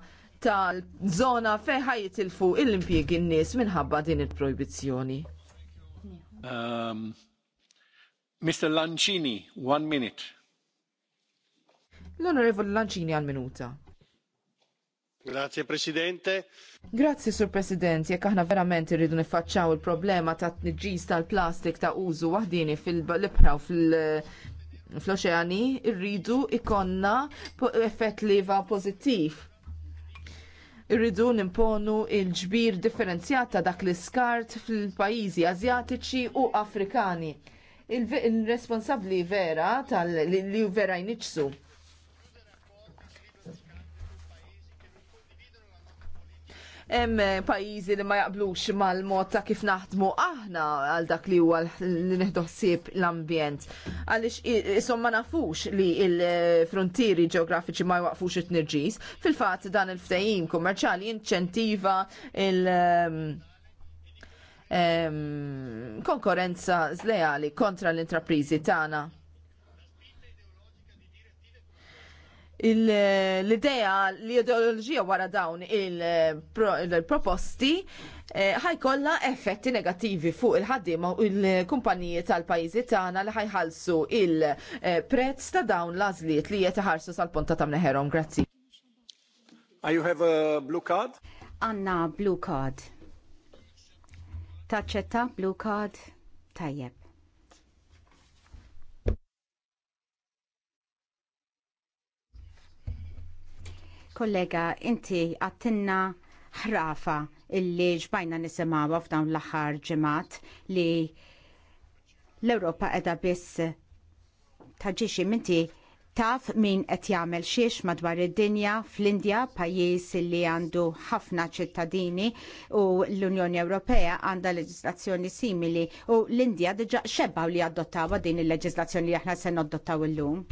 tal-zona fejn ħajjitilfu l-impjeg in-nies minħabba din il-projbizzjoni. Um, Mr. Lancini, one minute. l Lancini minuta. Grazie Presidente. Sur President, jekk aħna verament irridu niffaċċjaw il-problema ta' tniġġis tal-plastik ta' użu waħdini fil-libra fil libra u fl oċeani irridu ikonna effett leva pożittiv irridu nimponu il-ġbir differenzjat ta' dak l-iskart fil-pajjiżi Azjatiċi u Afrikani il-responsabli vera tal-li vera jniċsu. hemm eh, pajjiżi li ma jaqblux mal-mod ta' kif naħdmu aħna għal dak li huwa li neħdossib l-ambjent. Għaliex ma nafux li l-frontieri ġeografiċi ma jwaqfux it-nirġis. Fil-fatt dan il-ftehim kummerċali jinċentiva il- ehm, konkurrenza zlejali kontra l-intraprizi tagħna. l-idea, l-ideologija wara dawn il-proposti eh, ħajkolla effetti negativi fuq il-ħaddima u l kumpaniji tal-pajizi tagħna li ħajħalsu il-prezz ta' dawn l li qed iħarsu sal-ponta ta' mneħerhom. Grazzi. Ah, you have a blue card? Anna, blue card. Taċċetta blue card tajjeb. Kollega, inti għattinna ħrafa illi ġbajna nisimawa f'dawn l-aħħar ġemat li l-Europa edha biss taġiċi minti taf min qed jagħmel xiex madwar id-dinja fl-Indja pajjiż li għandu ħafna ċittadini u l-Unjoni Ewropea għandha leġislazzjoni simili u l-Indja diġà xebgħu li adottawa din il-leġislazzjoni li aħna se nadottaw illum.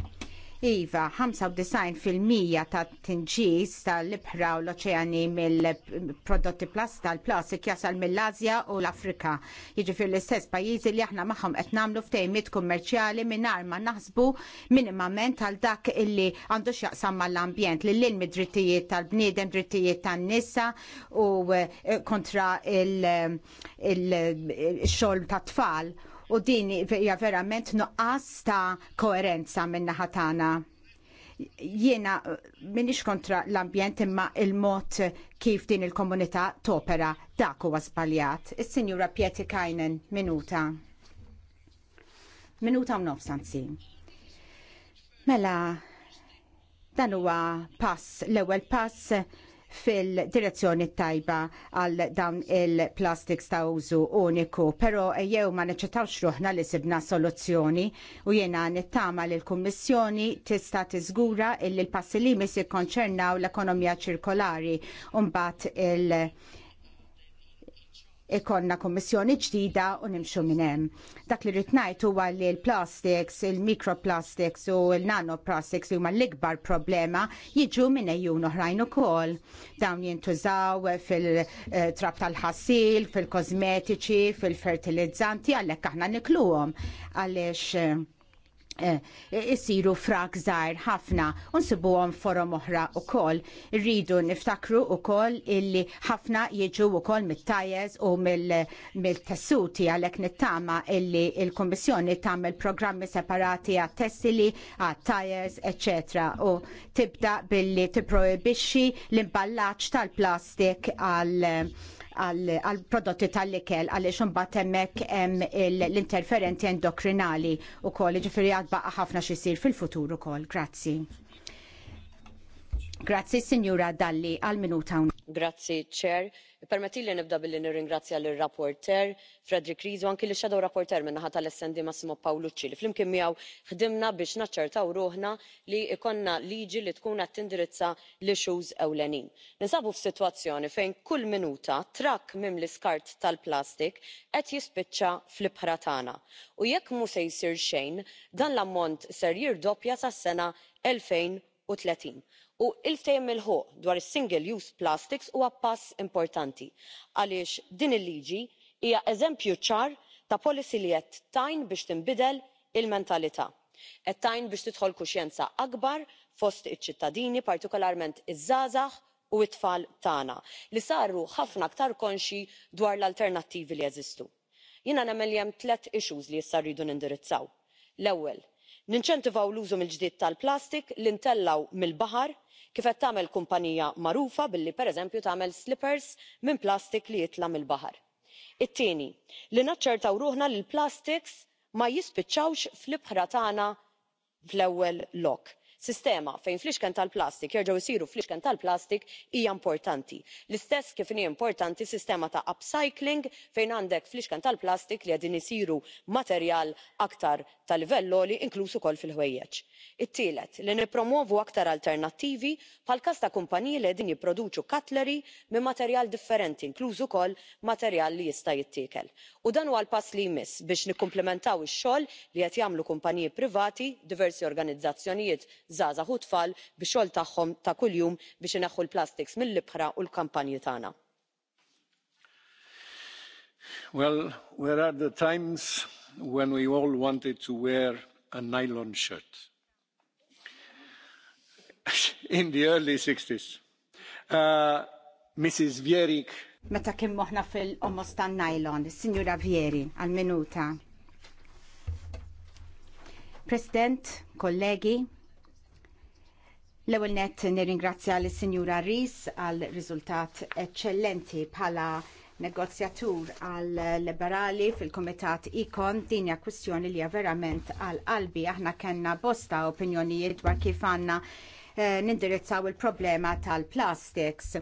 Iva, 95% ta' tinġis tal-libħra u l-oċeani mill-prodotti plast tal-plastik jasal mill-Azja u l-Afrika. Jiġifier l-istess pajjiżi li aħna magħhom qed nagħmlu kummerċjali mingħajr ma naħsbu minimament għal dak illi għandu x'jaqsam mal-ambjent li l-ilmi drittijiet tal-bniedem, drittijiet tan-nisa u eh, kontra il-xogħol tat-tfal u din hija verament nuqqas ta' koerenza minn naħa tagħna. Jiena uh, minix kontra l-ambjent imma il-mod kif din il-komunità topera dak huwa żbaljat. Is-Sinjura Pieti Kajnen minuta. Minuta u nofs anzi. Mela, dan huwa pass, l-ewwel pass fil-direzzjoni tajba għal dawn il-plastics ta' użu uniku, pero jew ma neċetawx ruħna li sibna soluzzjoni u jena nittama li l-Kummissjoni tista' tiżgura il l-passi li jikkonċernaw l-ekonomija ċirkolari un bat il- ikonna kommissjoni ġdida u nimxu minn hemm. Dak li rrid ngħid huwa li l-plastics, il-microplastics u l-nanoplastics li huma l-ikbar problema jiġu minn ejjun oħrajn ukoll. Dawn jintużaw fil-trab tal-ħassil, fil-kosmetiċi, fil-fertilizzanti għalhekk aħna nikluhom għaliex Eh, isiru frak zaħir ħafna unsibu għom forom oħra u kol. Rridu niftakru u kol illi ħafna jieġu u kol mit-tajez u mill-tessuti għalek nittama illi il-Kommissjoni tamil programmi separati għat tessili għat tajez ecc. u tibda billi tiprojbixxi l-imballaċ tal-plastik għal għal prodotti tal-likel għaliex imbagħad hemmhekk hemm l-interferenti endokrinali u koll ġifieri għadbaqa ħafna xisir fil-futur ukoll. Grazzi. Grazzi, Signora Dalli, għal minuta. Grazzi, Chair. Permetti li nibda billi nirringrazzja l rapporter Frederick Rizzo anki li shadow rapporter minna ħata l-essendi Massimo Paolucci li flimkien miegħu ħdimna biex naċċertaw ruħna li ikonna liġi li tkun qed tindirizza l xuż ewlenin. Ninsabu f'sitwazzjoni fejn kull minuta trakk mim l-iskart tal-plastik qed jispiċċa fl-ibħra tagħna. U jekk mu se jsir xejn dan l-ammont ser jirdoppja sas-sena 2030 u tletin u l-ftehim milħuq dwar is single use plastics huwa pass importanti għaliex din il-liġi hija eżempju ċar ta' policy li qed tgħin biex tinbidel il mentalità qed tgħin biex tidħol kuxjenza akbar fost iċ-ċittadini partikolarment iż-żgħażagħ u t-tfal tagħna li saru ħafna aktar konxji dwar l-alternattivi li jeżistu. jiena nemmen li hemm tliet issues li issa rridu nindirizzaw l-ewwel ninċentivaw l użu mill ġdid tal plastik li ntellgħu mill baħar kif qed tagħmel kumpanija magħrufa billi pereżempju tagħmel slippers minn plastik li jitla' mill-baħar. it-tieni li naċċertaw ruħna li l plastics ma jispiċċawx fl-ibħra tagħna fl-ewwel lok sistema fejn fl tal-plastik jerġgħu jsiru fl tal-plastik hija importanti l-istess kif inhi importanti sistema ta' upcycling fejn għandek fl tal-plastik li qegħdin isiru materjal aktar ta' livell għoli inkluż ukoll fil-ħwejjeġ. It-tielet li nippromovu aktar alternattivi bħall-każ ta' kumpaniji li qegħdin jipproduċu cutlery minn materjal differenti inkluż ukoll materjal li jista' jittiekel u dan huwa l-pass li jmiss biex nikkumplementaw ix-xogħol li qed jagħmlu kumpaniji privati diversi organizzazzjonijiet żgħażagħ u tfal bix-xogħol tagħhom ta' kuljum biex ineħħu l-plastics mill-ibħra u l-kampanji tagħna. well there are the times when we all wanted to wear a nylon shirt in the early 60s. Uh, Mrs. Vierik. Meta kien moħna fil-omos nylon, signora Vieri, għal-minuta. President, kollegi, L-ewwel nett nirringrazzja lis sinjura Ris għal riżultat eċċellenti bħala negozjatur għal liberali fil-Komitat Ikon din hija kwistjoni li hija verament għal qalbi aħna kellna bosta opinjonijiet dwar kif għandna eh, nindirizzaw il-problema tal-plastics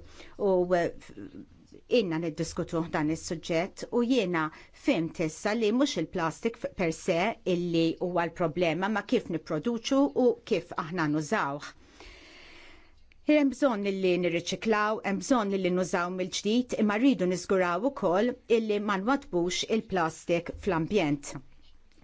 u eh, inna niddiskutu dan is-suġġett u jiena fim tissa li mhux il-plastik per se illi huwa l-problema ma kif nipproduċu u kif aħna nużawh. Hemm bżon li nirriċiklaw, hemm bżonn li nużaw mill-ġdid, imma rridu niżguraw ukoll illi ma nwadbux il-plastik fl-ambjent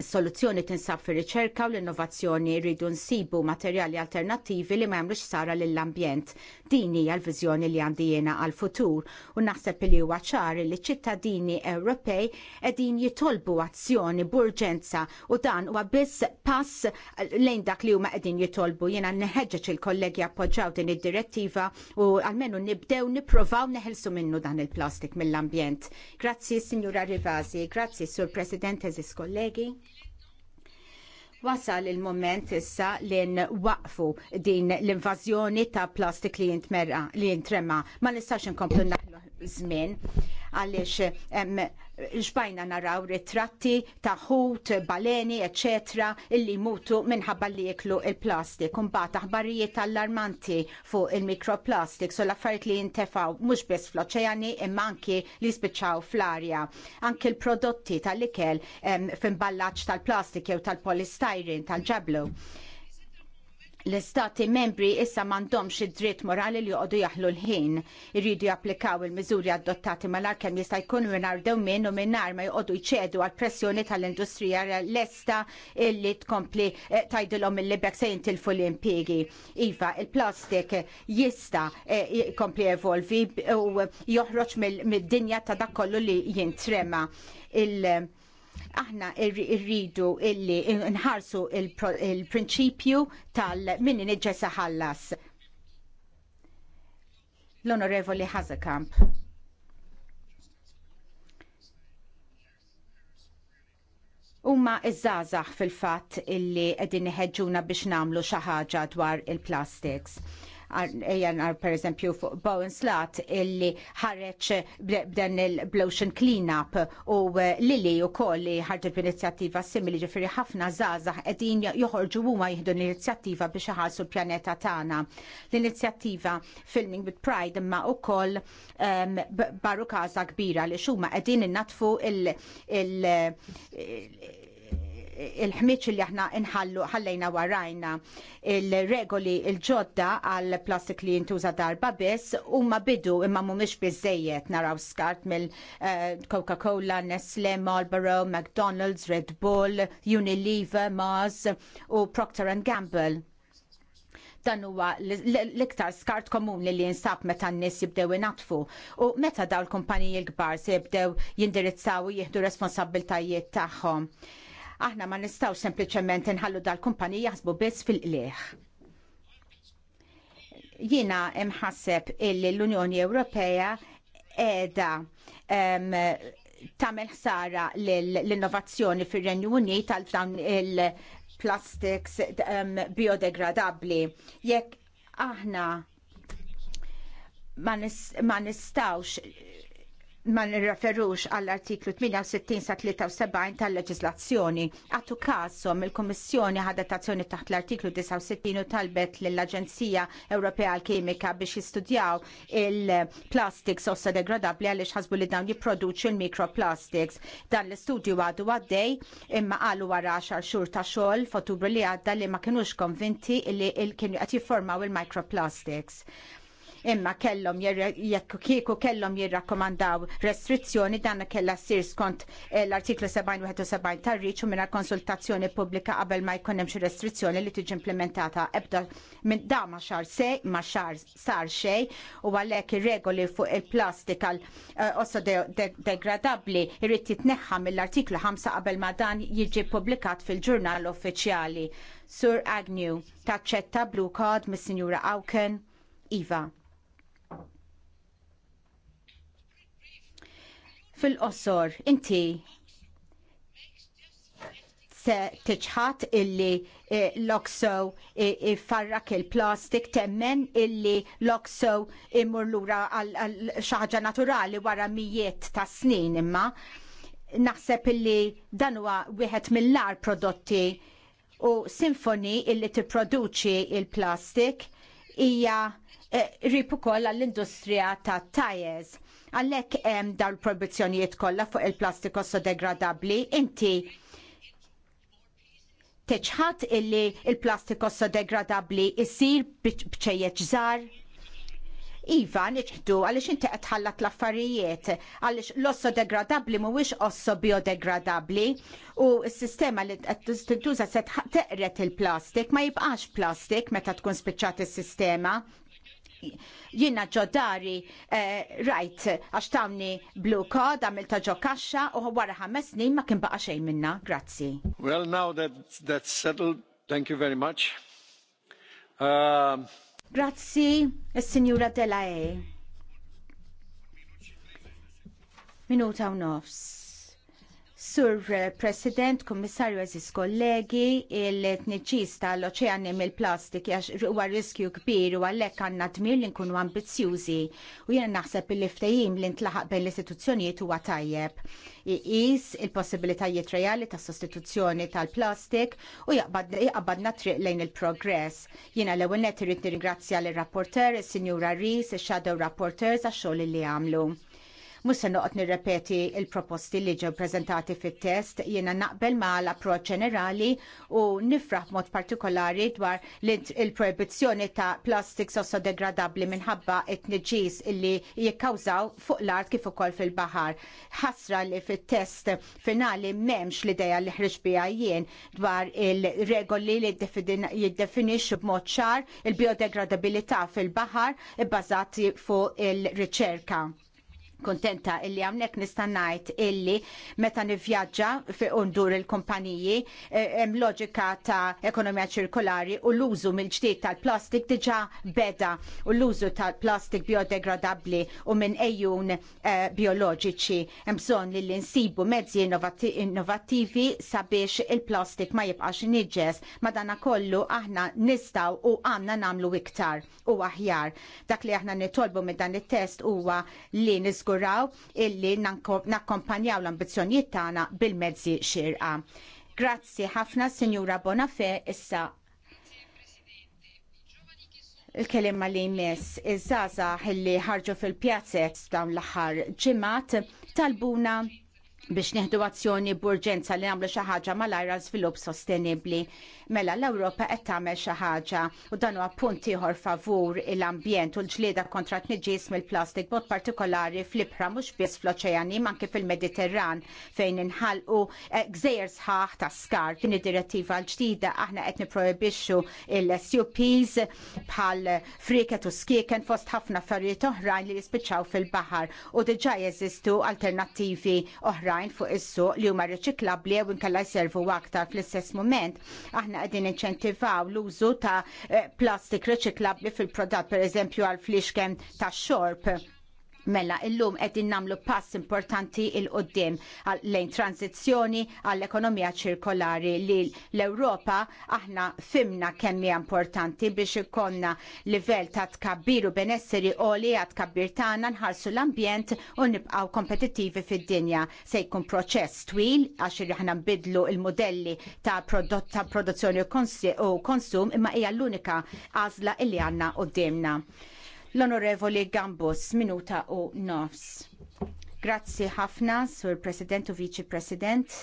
soluzzjoni tinsab fir riċerka u l-innovazzjoni rridu nsibu materjali alternattivi li ma jagħmlux sara lill-ambjent. Din hija l-viżjoni li għandi jiena għall-futur u naħseb li huwa ċar li ċittadini Ewropej qegħdin jitolbu azzjoni b'urġenza u dan huwa biss pass lejn dak li huma qegħdin jitolbu. Jiena neħeġġeġ il-kollegi appoġġaw din id-direttiva u għalmenu nibdew nipprovaw neħelsu minnu dan il-plastik mill-ambjent. Grazzi, Signora Rivasi, grazzi, Sur President, eżis kollegi. Wasal il-moment issa li nwaqfu din l-invażjoni ta' plastik li jintmerra li jintrema ma nistax inkomplu naħlu żmien għaliex xbajna naraw ritratti ta' ħut, baleni, eċetera, illi mutu minħabba li jeklu il-plastik. Mbagħad aħbarijiet allarmanti fuq il-mikroplastik, so l-affarijiet li jintefaw mhux biss fl-oċeani imma anki li spiċċaw fl-arja. Anki l-prodotti tal-ikel f'imballaġġ tal-plastik jew tal-polistirin tal-ġablu. tal plastik jew tal polistirin tal ġablu l-istati membri issa mandomx id-dritt morali li joqogħdu jaħlu l-ħin. Irridu japplikaw il-miżuri adottati l-arkem jista' jkun mingħajr minn u mingħajr ma joqogħdu jċedu għal pressjoni tal-industrija l-esta illi tkompli eh, tajdilhom il-libek se jintilfu l-impjegi. Iva, il-plastik jista eh, jkompli evolvi u joħroġ mid-dinja ta' dak kollu li jintrema. il- aħna irridu illi nħarsu il-prinċipju tal-min inġesa ħallas. L-Onorevoli Hazekamp. Umma iż-żazax fil-fatt illi qegħdin iħeġġuna biex nagħmlu xi ħaġa dwar il-plastics ejjanar per eżempju fuq Bowen Slat illi ħareċ b'dan il-Blotion Cleanup u eh, Lili u koll li ħarġet b'inizjattiva simili ġifiri ħafna zaza edin joħorġu huma jihdu l-inizjattiva biex iħarsu l-pjaneta tagħna. L-inizjattiva Filming with Pride imma u um, ehm, barru kaza kbira li xuma qegħdin innatfu il il-ħmiċ li aħna inħallu ħallejna warajna il-regoli il-ġodda għal plastik li jintuża darba biss huma bidu imma mhumiex bizzejiet naraw skart mill eh, Coca-Cola, Nestle, Marlboro, McDonald's, Red Bull, Unilever, Mars u Procter Gamble dan huwa l-iktar skart komuni li jinsab meta n-nies jibdew inatfu u meta daw l-kumpaniji l-kbar se jibdew jindirizzaw u jieħdu responsabiltajiet tagħhom. Aħna ma nistaw sempliċement inħallu dal-kumpanija jaħsbu biss fil-qlieħ. Jiena imħasseb illi l-Unjoni Ewropea edha um, tagħmel ħsara l-innovazzjoni fir-Renju Unit għal dawn il-plastics um, biodegradabbli. Jekk aħna ma, nistawx ma nirreferux għall-artiklu 68 sa 73 tal-leġislazzjoni. Għattu kasom il-Kommissjoni ħadet azzjoni taħt l-artiklu 69 u talbet l-Aġenzija Ewropea għal-Kimika biex jistudjaw il-plastics ossa degradabli għalli ħasbu li dawn jiproduċu il-microplastics. Dan l-istudju għadu għaddej imma għalu għara 10 xur ta' xogħol f'Otubru li għadda li ma kienux konvinti li il-kienu qed jiformaw il-microplastics. il il microplastics imma kellhom jekk kieku kellhom jirrakkomandaw restrizzjoni dan kellha ssir skont eh, l-artiklu 71 tar-riċ u mingħajr konsultazzjoni pubblika qabel ma jkun hemm xi restrizzjoni li tiġi implementata ebda minn da ma xar sej ma xar sar xej u għalhekk ir-regoli fuq il-plastika eh, ossodegradabbli jrid jitneħħa mill-artiklu 5 qabel ma dan jiġi publikat fil-ġurnal uffiċjali. Sur Agnew, taċċetta Blue Card mis-Sinjura Awken, Iva. fil-qosor, inti se tiċħat illi eh, l-okso eh, farrak il-plastik temmen illi l-okso imur lura għal xaħġa naturali wara mijiet ta' snin imma naħseb illi dan huwa wieħed mill-lar prodotti u sinfoni illi tipproduċi il-plastik hija eh, ripu ukoll għall-industrija ta' tajez Għalhekk hemm dawn il-proibizzjonijiet kollha fuq il-plastiko degradabli, inti teċħat illi il-plastiko degradabli jisir bċejjeġ żgħar. Iva, nċħdu, għalix inti għetħallat l-affarijiet, għalix l-osso degradabli mhuwiex osso biodegradabli u s-sistema li t tintuza se teqret il-plastik ma jibqax plastik meta tkun spiċċat is-sistema, jiena ġodari eh, rajt għax tamni blue card għamil ta' ġokaxxa u wara ħames snin ma kien baqa' xejn minna. Grazzi. Well now that that's settled, thank you very much. Uh... Grazzi, Signora sinjura E. Minuta u nofs. Sur eh, President, Kommissarju Aziz Kollegi, il-tniċis tal-oċeani mill-plastik huwa riskju kbir u għalhekk għandna tmir li nkunu ambizzjużi u jiena naħseb il-ftehim li ntlaħaq bejn l-istituzzjonijiet huwa tajjeb. Iqis il-possibilitajiet reali ta' sostituzzjoni tal-plastik u jaqbadna triq lejn il-progress. Jena l-ewwel irrit irid nirringrazzja l rapporter is-Sinjura Ris, il shadow Rapporters għax-xogħol li għamlu Mhux se noqgħod nirrepeti l proposti li ġew preżentati fit-test, jiena naqbel ma l-approċċ ġenerali u nifraħ mod partikolari dwar il-proibizzjoni ta' sosso degradabli minħabba it-tniġis illi jikkawżaw fuq l-art kif ukoll fil-baħar. Ħasra li fit-test finali m'hemmx l-idea li ħriġ biha jien dwar il-regoli li jiddefinix b'mod ċar il-biodegradabilità fil-baħar ibbażati fuq il-riċerka kontenta illi għamnek nistannajt illi meta nivjaġġa fi undur il-kumpaniji eh, hemm loġika ta' ekonomija ċirkolari u l-użu mill-ġdid tal-plastik diġa beda u l-użu tal-plastik biodegradabli u minn ejjun eh, bioloġiċi hemm bżonn li nsibu mezzi innovattivi sabiex il-plastik ma jibqax niġġes madana kollu aħna nistaw u għanna namlu iktar u aħjar. Dak li aħna nitolbu minn dan it-test huwa li niżgur niżguraw illi nakkompanjaw l-ambizzjonijiet tagħna bil-mezzi xirqa. Grazzi ħafna, Sinjura Bonafè, issa il-kelimma li jmiss iż-żaza li ħarġu fil-pjazzet dawn l-aħħar ġimgħat talbuna biex neħdu azzjoni b'urġenza li nagħmlu xi ħaġa mal-għajra mal-ajra żvilupp sostenibbli. Mela l-Ewropa qed tagħmel xi ħaġa u dan huwa punt ieħor favur l-ambjent u l-ġlieda kontra tniġis mill-plastik b'mod partikolari fl-ibħra mhux biss fl-oċeani anke fil-Mediterran fejn inħalqu eh, gżejjer sħaħ ta' skar din id-direttiva l-ġdida aħna qed niprojbixxu l-SUPs bħal friket u skieken fost ħafna affarijiet oħrajn li jispiċċaw fil-baħar u diġà jeżistu alternattivi oħra oħrajn fuq is-suq li huma riċiklabbli jew inkella jservu aktar fl-istess mument. Aħna qegħdin inċentivaw l-użu ta' eh, plastik riċiklabbli fil-prodott pereżempju għal flixkem tax-xorb Mela, illum qegħdin nagħmlu pass importanti il qoddim lejn tranzizzjoni għall-ekonomija ċirkolari li l-Ewropa aħna fimna kemm hija importanti biex ikonna livell ta' tkabbir u benesseri għoli għat tkabbir tagħna nħarsu l-ambjent u nibqgħu kompetittivi fid-dinja. Se jkun proċess twil għax aħna nbidlu il-modelli ta' ta' produzzjoni u konsum imma hija l-unika għażla illi għandna qudiemna. L-Onorevoli Gambus, minuta u nofs. Grazzi ħafna, Sur President u Viċi President.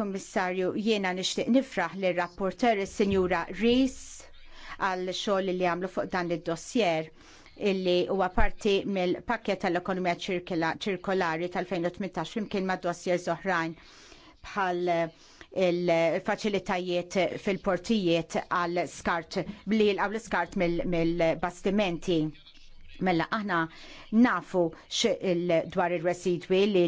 Kommissarju, jiena nixtieq nifraħ lir rapporter is-Sinjura Rees għal xogħol li għamlu fuq dan id-dossier illi huwa parti mill-pakket tal-ekonomija ċirkolari tal-2018 flimkien ma' dossier oħrajn bħal il-faċilitajiet fil-portijiet għal skart bliel għal skart mill-bastimenti. Mil Mella aħna nafu dwar il-residwi li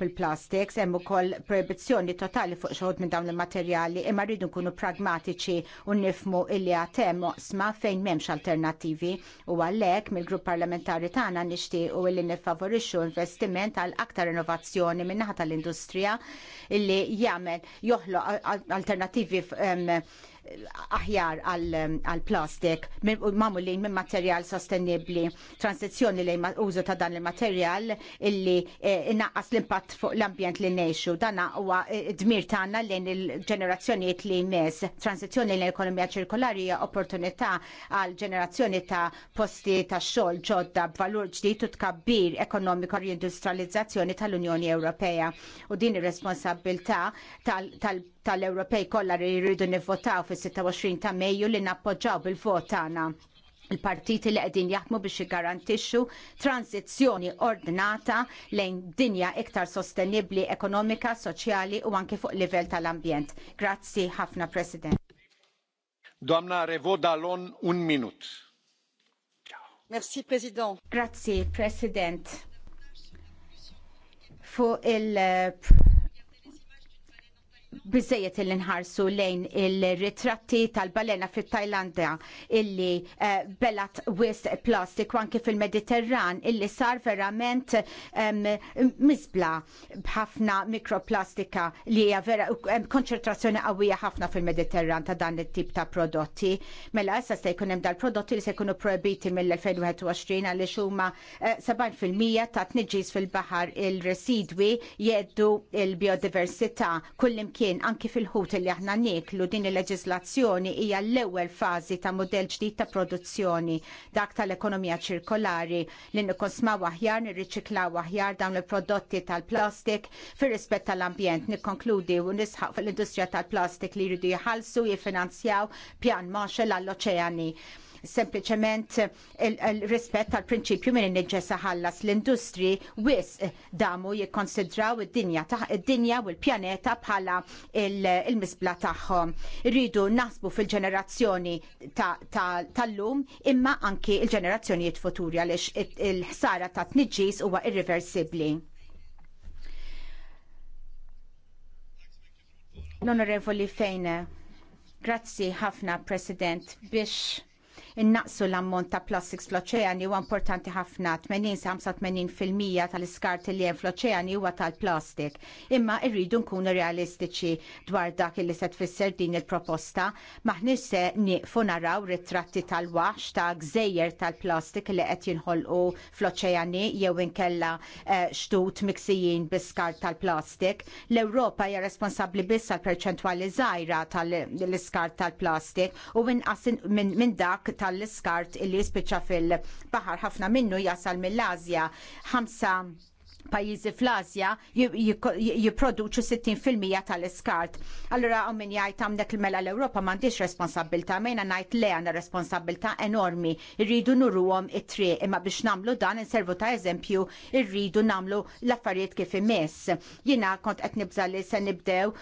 bil-plastics hemm ukoll proibizzjoni totali fuq xogħod minn dawn il-materjali imma rridu nkunu pragmatiċi u nifmu illi għatem oqsma fejn m'hemmx alternattivi u għalhekk mill-grupp parlamentari tagħna nixtiequ illi nifavorixxu investiment għal aktar innovazzjoni min-naħa tal-industrija illi jagħmel joħloq alternattivi aħjar għal-plastik, li minn materjal sostenibli, transizjoni lejn użu ta' dan il-materjal illi eh, naqqas l-impatt fuq l-ambjent li nejxu. Dan huwa eh, dmir tagħna lejn il-ġenerazzjonijiet li jmiss. Transizjoni l ekonomija ċirkolari hija opportunità għal ġenerazzjoni ta' posti ta' xogħol ġodda b'valur ġdid u tkabbir ekonomiku reindustrializzazzjoni tal-Unjoni Ewropea. U din ir-responsabilità tal-, tal tal-Ewropej kollha li jridu nivvotaw fis-26 ta' Mejju li nappoġġaw bil-vot tagħna il-partiti li qegħdin jaħdmu biex jiggarantixxu tranzizzjoni ordnata lejn dinja iktar sostenibbli ekonomika, soċjali u anke fuq livell tal-ambjent. Grazzi ħafna President. Doamna Revodalon, un minut. Merci President. Grazzi President. Fuq il bizzejiet il nħarsu lejn il-ritratti tal-balena fit tajlandja illi uh, belat wist plastik anke fil-Mediterran illi sar verament um, mizbla bħafna mikroplastika li hija vera um, konċentrazzjoni qawwija ħafna fil-Mediterran ta' dan it-tip ta' prodotti. Mela issa se jkun hemm dal-prodotti li se jkunu proibiti mill-2021 għaliex huma uh, eh, 70% ta' tniġis fil-baħar il-residwi jeddu il-biodiversità kullimkien flimkien anki fil-ħut li aħna nieklu din il-leġislazzjoni hija l-ewwel fażi ta' modell ġdid ta' produzzjoni dak tal-ekonomija ċirkolari li nikkonsmaw aħjar, nirriċiklaw aħjar dawn il-prodotti tal-plastik fir-rispett tal-ambjent. Nikkonkludi u nisħaq fil-industrija tal-plastik li jridu jħallsu jiffinanzjaw pjan Marshall għall-oċeani sempliċement il-rispett tal prinċipju minn in ħallas l-industri wis damu jikkonsidraw id-dinja id-dinja u l-pjaneta bħala il-misbla tagħhom. Rridu naħsbu fil-ġenerazzjoni tal-lum imma anki il-ġenerazzjonijiet futuri għaliex il-ħsara ta' tniġġis huwa irreversibli. L-Onorevoli Fejne, grazzi ħafna President biex innaqsu l-ammont ta' plastik fl-oċeani huwa importanti ħafna 80-85% tal-iskart li hemm fl-oċeani huwa tal-plastik. Imma irridu nkunu realistiċi dwar dak li se tfisser din il-proposta maħniex se nieqfu naraw ritratti tal-waħx ta' gżejjer tal-plastik li qed jinħolqu fl-oċeani jew inkella eh, xtut miksijin biskart tal-plastik. L-Ewropa hija responsabbli biss għal perċentwali żgħira tal-iskart tal-plastik u inqas minn dak ta' tal-iskart illi jispiċċa fil-baħar ħafna minnu jasal mill-Azja. Ħamsa pajjiżi fl azja jipproduċu 60% tal-iskart. Allura għaw min jgħajt għamnek l mela l-Europa mandiċ responsabilta, mejna najt le għanna responsabilta enormi. Irridu għom it-tri, imma biex namlu dan inservu ta' eżempju, irridu namlu l-affarijiet kif imess. Jina kont qed nibża li se nibdew